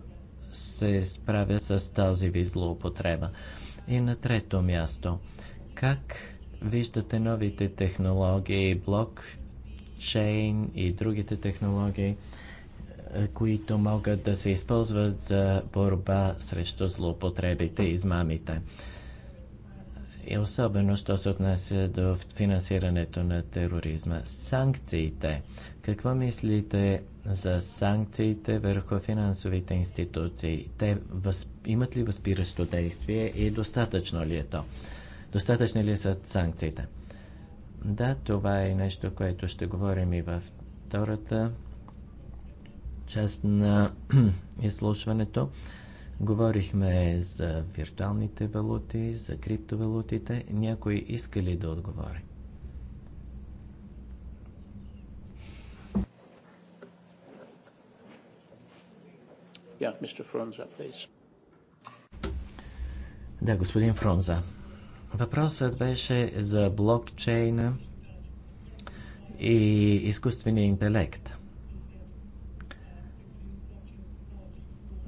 се справя с този ви злоупотреба. И на трето място, как виждате новите технологии, блок блокчейн и другите технологии, е, които могат да се използват за борба срещу злоупотребите и измамите. И особено, що се отнася до финансирането на тероризма. Санкциите. Какво мислите за санкциите върху финансовите институции? Те въз... имат ли възпиращо действие и достатъчно ли е то? Достатъчни ли са санкциите? Да, това е нещо, което ще говорим и във втората част на изслушването. Говорихме за виртуалните валути, за криптовалутите. Някой иска ли да отговори?
Yeah, Mr. please.
Да, господин Фронза. Въпросът беше за блокчейна и изкуствения интелект.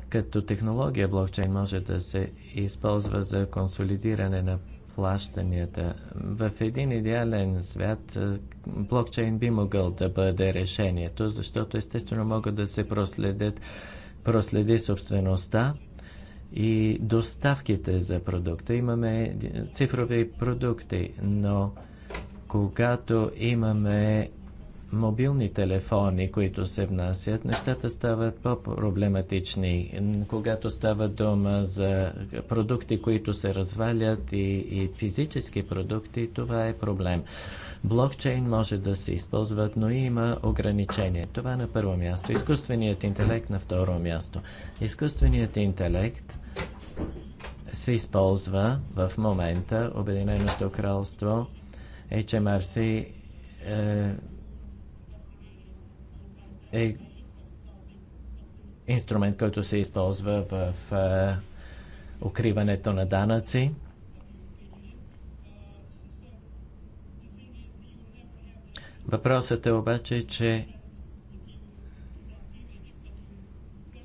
Като технология блокчейн може да се използва за консолидиране на плащанията. В един идеален свят е, блокчейн би могъл да бъде решението, защото естествено могат да се проследят проследи собствеността и доставките за продукта. Имаме цифрови продукти, но когато имаме мобилни телефони, които се внасят, нещата стават по-проблематични. Когато става дума за продукти, които се развалят и, и физически продукти, това е проблем. Блокчейн може да се използват, но има ограничения. Това на първо място. Изкуственият интелект на второ място. Изкуственият интелект се използва в момента Обединеното кралство. HMRC е, е инструмент, който се използва в е, укриването на данъци. Въпросът е обаче, че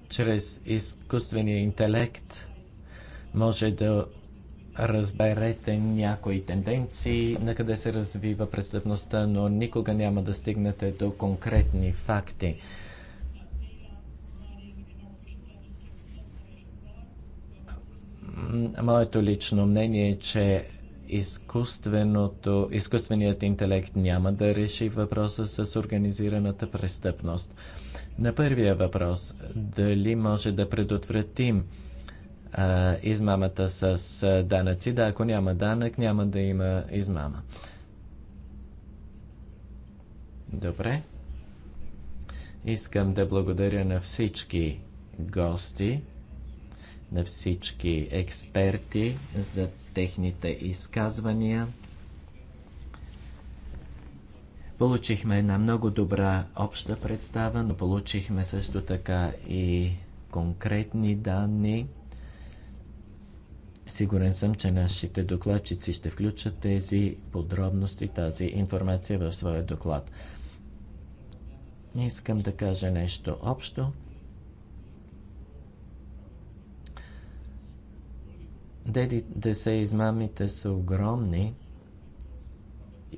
чрез изкуствения интелект може да разберете някои тенденции, на къде се развива престъпността, но никога няма да стигнете до конкретни факти. Моето лично мнение е, че изкуственото, изкуственият интелект няма да реши въпроса с организираната престъпност. На първия въпрос, дали може да предотвратим а, измамата с данъци. Да, ако няма данък, няма да има измама. Добре. Искам да благодаря на всички гости, на всички експерти за техните изказвания. Получихме една много добра обща представа, но получихме също така и конкретни данни. Сигурен съм, че нашите докладчици ще включат тези подробности, тази информация в своя доклад. Искам да кажа нещо общо. Дедите измамите са огромни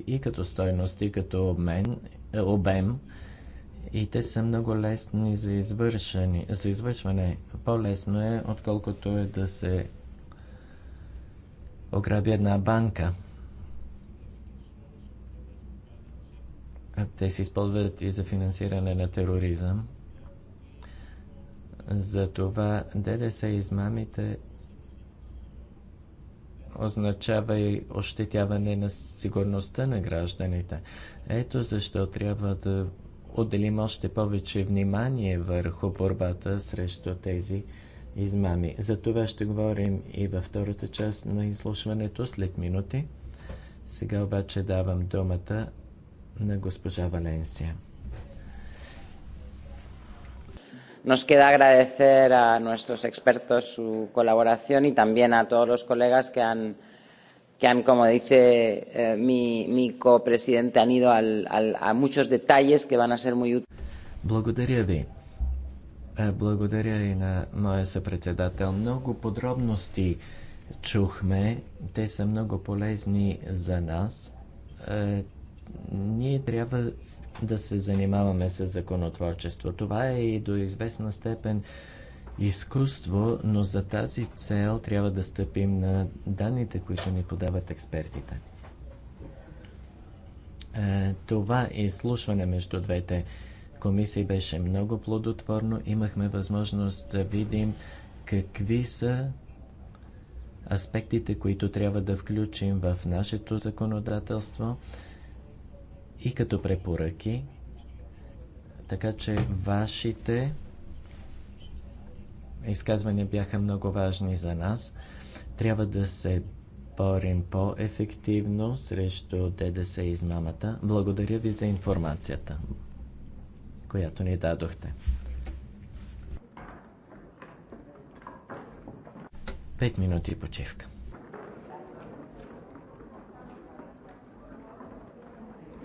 и като стойност, и като обмен, е, обем. И те са много лесни за, за извършване. По-лесно е, отколкото е да се ограби една банка. Те се използват и за финансиране на тероризъм. Затова ДДС и измамите означава и ощетяване на сигурността на гражданите. Ето защо трябва да отделим още повече внимание върху борбата срещу тези измами. За това ще говорим и във втората част на изслушването след минути. Сега обаче давам думата на госпожа Валенсия.
Nos queda agradecer a nuestros expertos su colaboración y también a todos los colegas que han, que han como dice eh, mi, mi copresidente, han ido al, al, a muchos detalles que van a ser muy útiles.
Благодаря е, благодаря и на моя съпредседател. Много подробности чухме. Те са много полезни за нас. Е, ние трябва да се занимаваме с законотворчество. Това е и до известна степен изкуство, но за тази цел трябва да стъпим на данните, които ни подават експертите. Е, това изслушване между двете комисии беше много плодотворно. Имахме възможност да видим какви са аспектите, които трябва да включим в нашето законодателство и като препоръки. Така че вашите изказвания бяха много важни за нас. Трябва да се борим по-ефективно срещу ДДС измамата. Благодаря ви за информацията която ни дадохте. Пет минути почивка.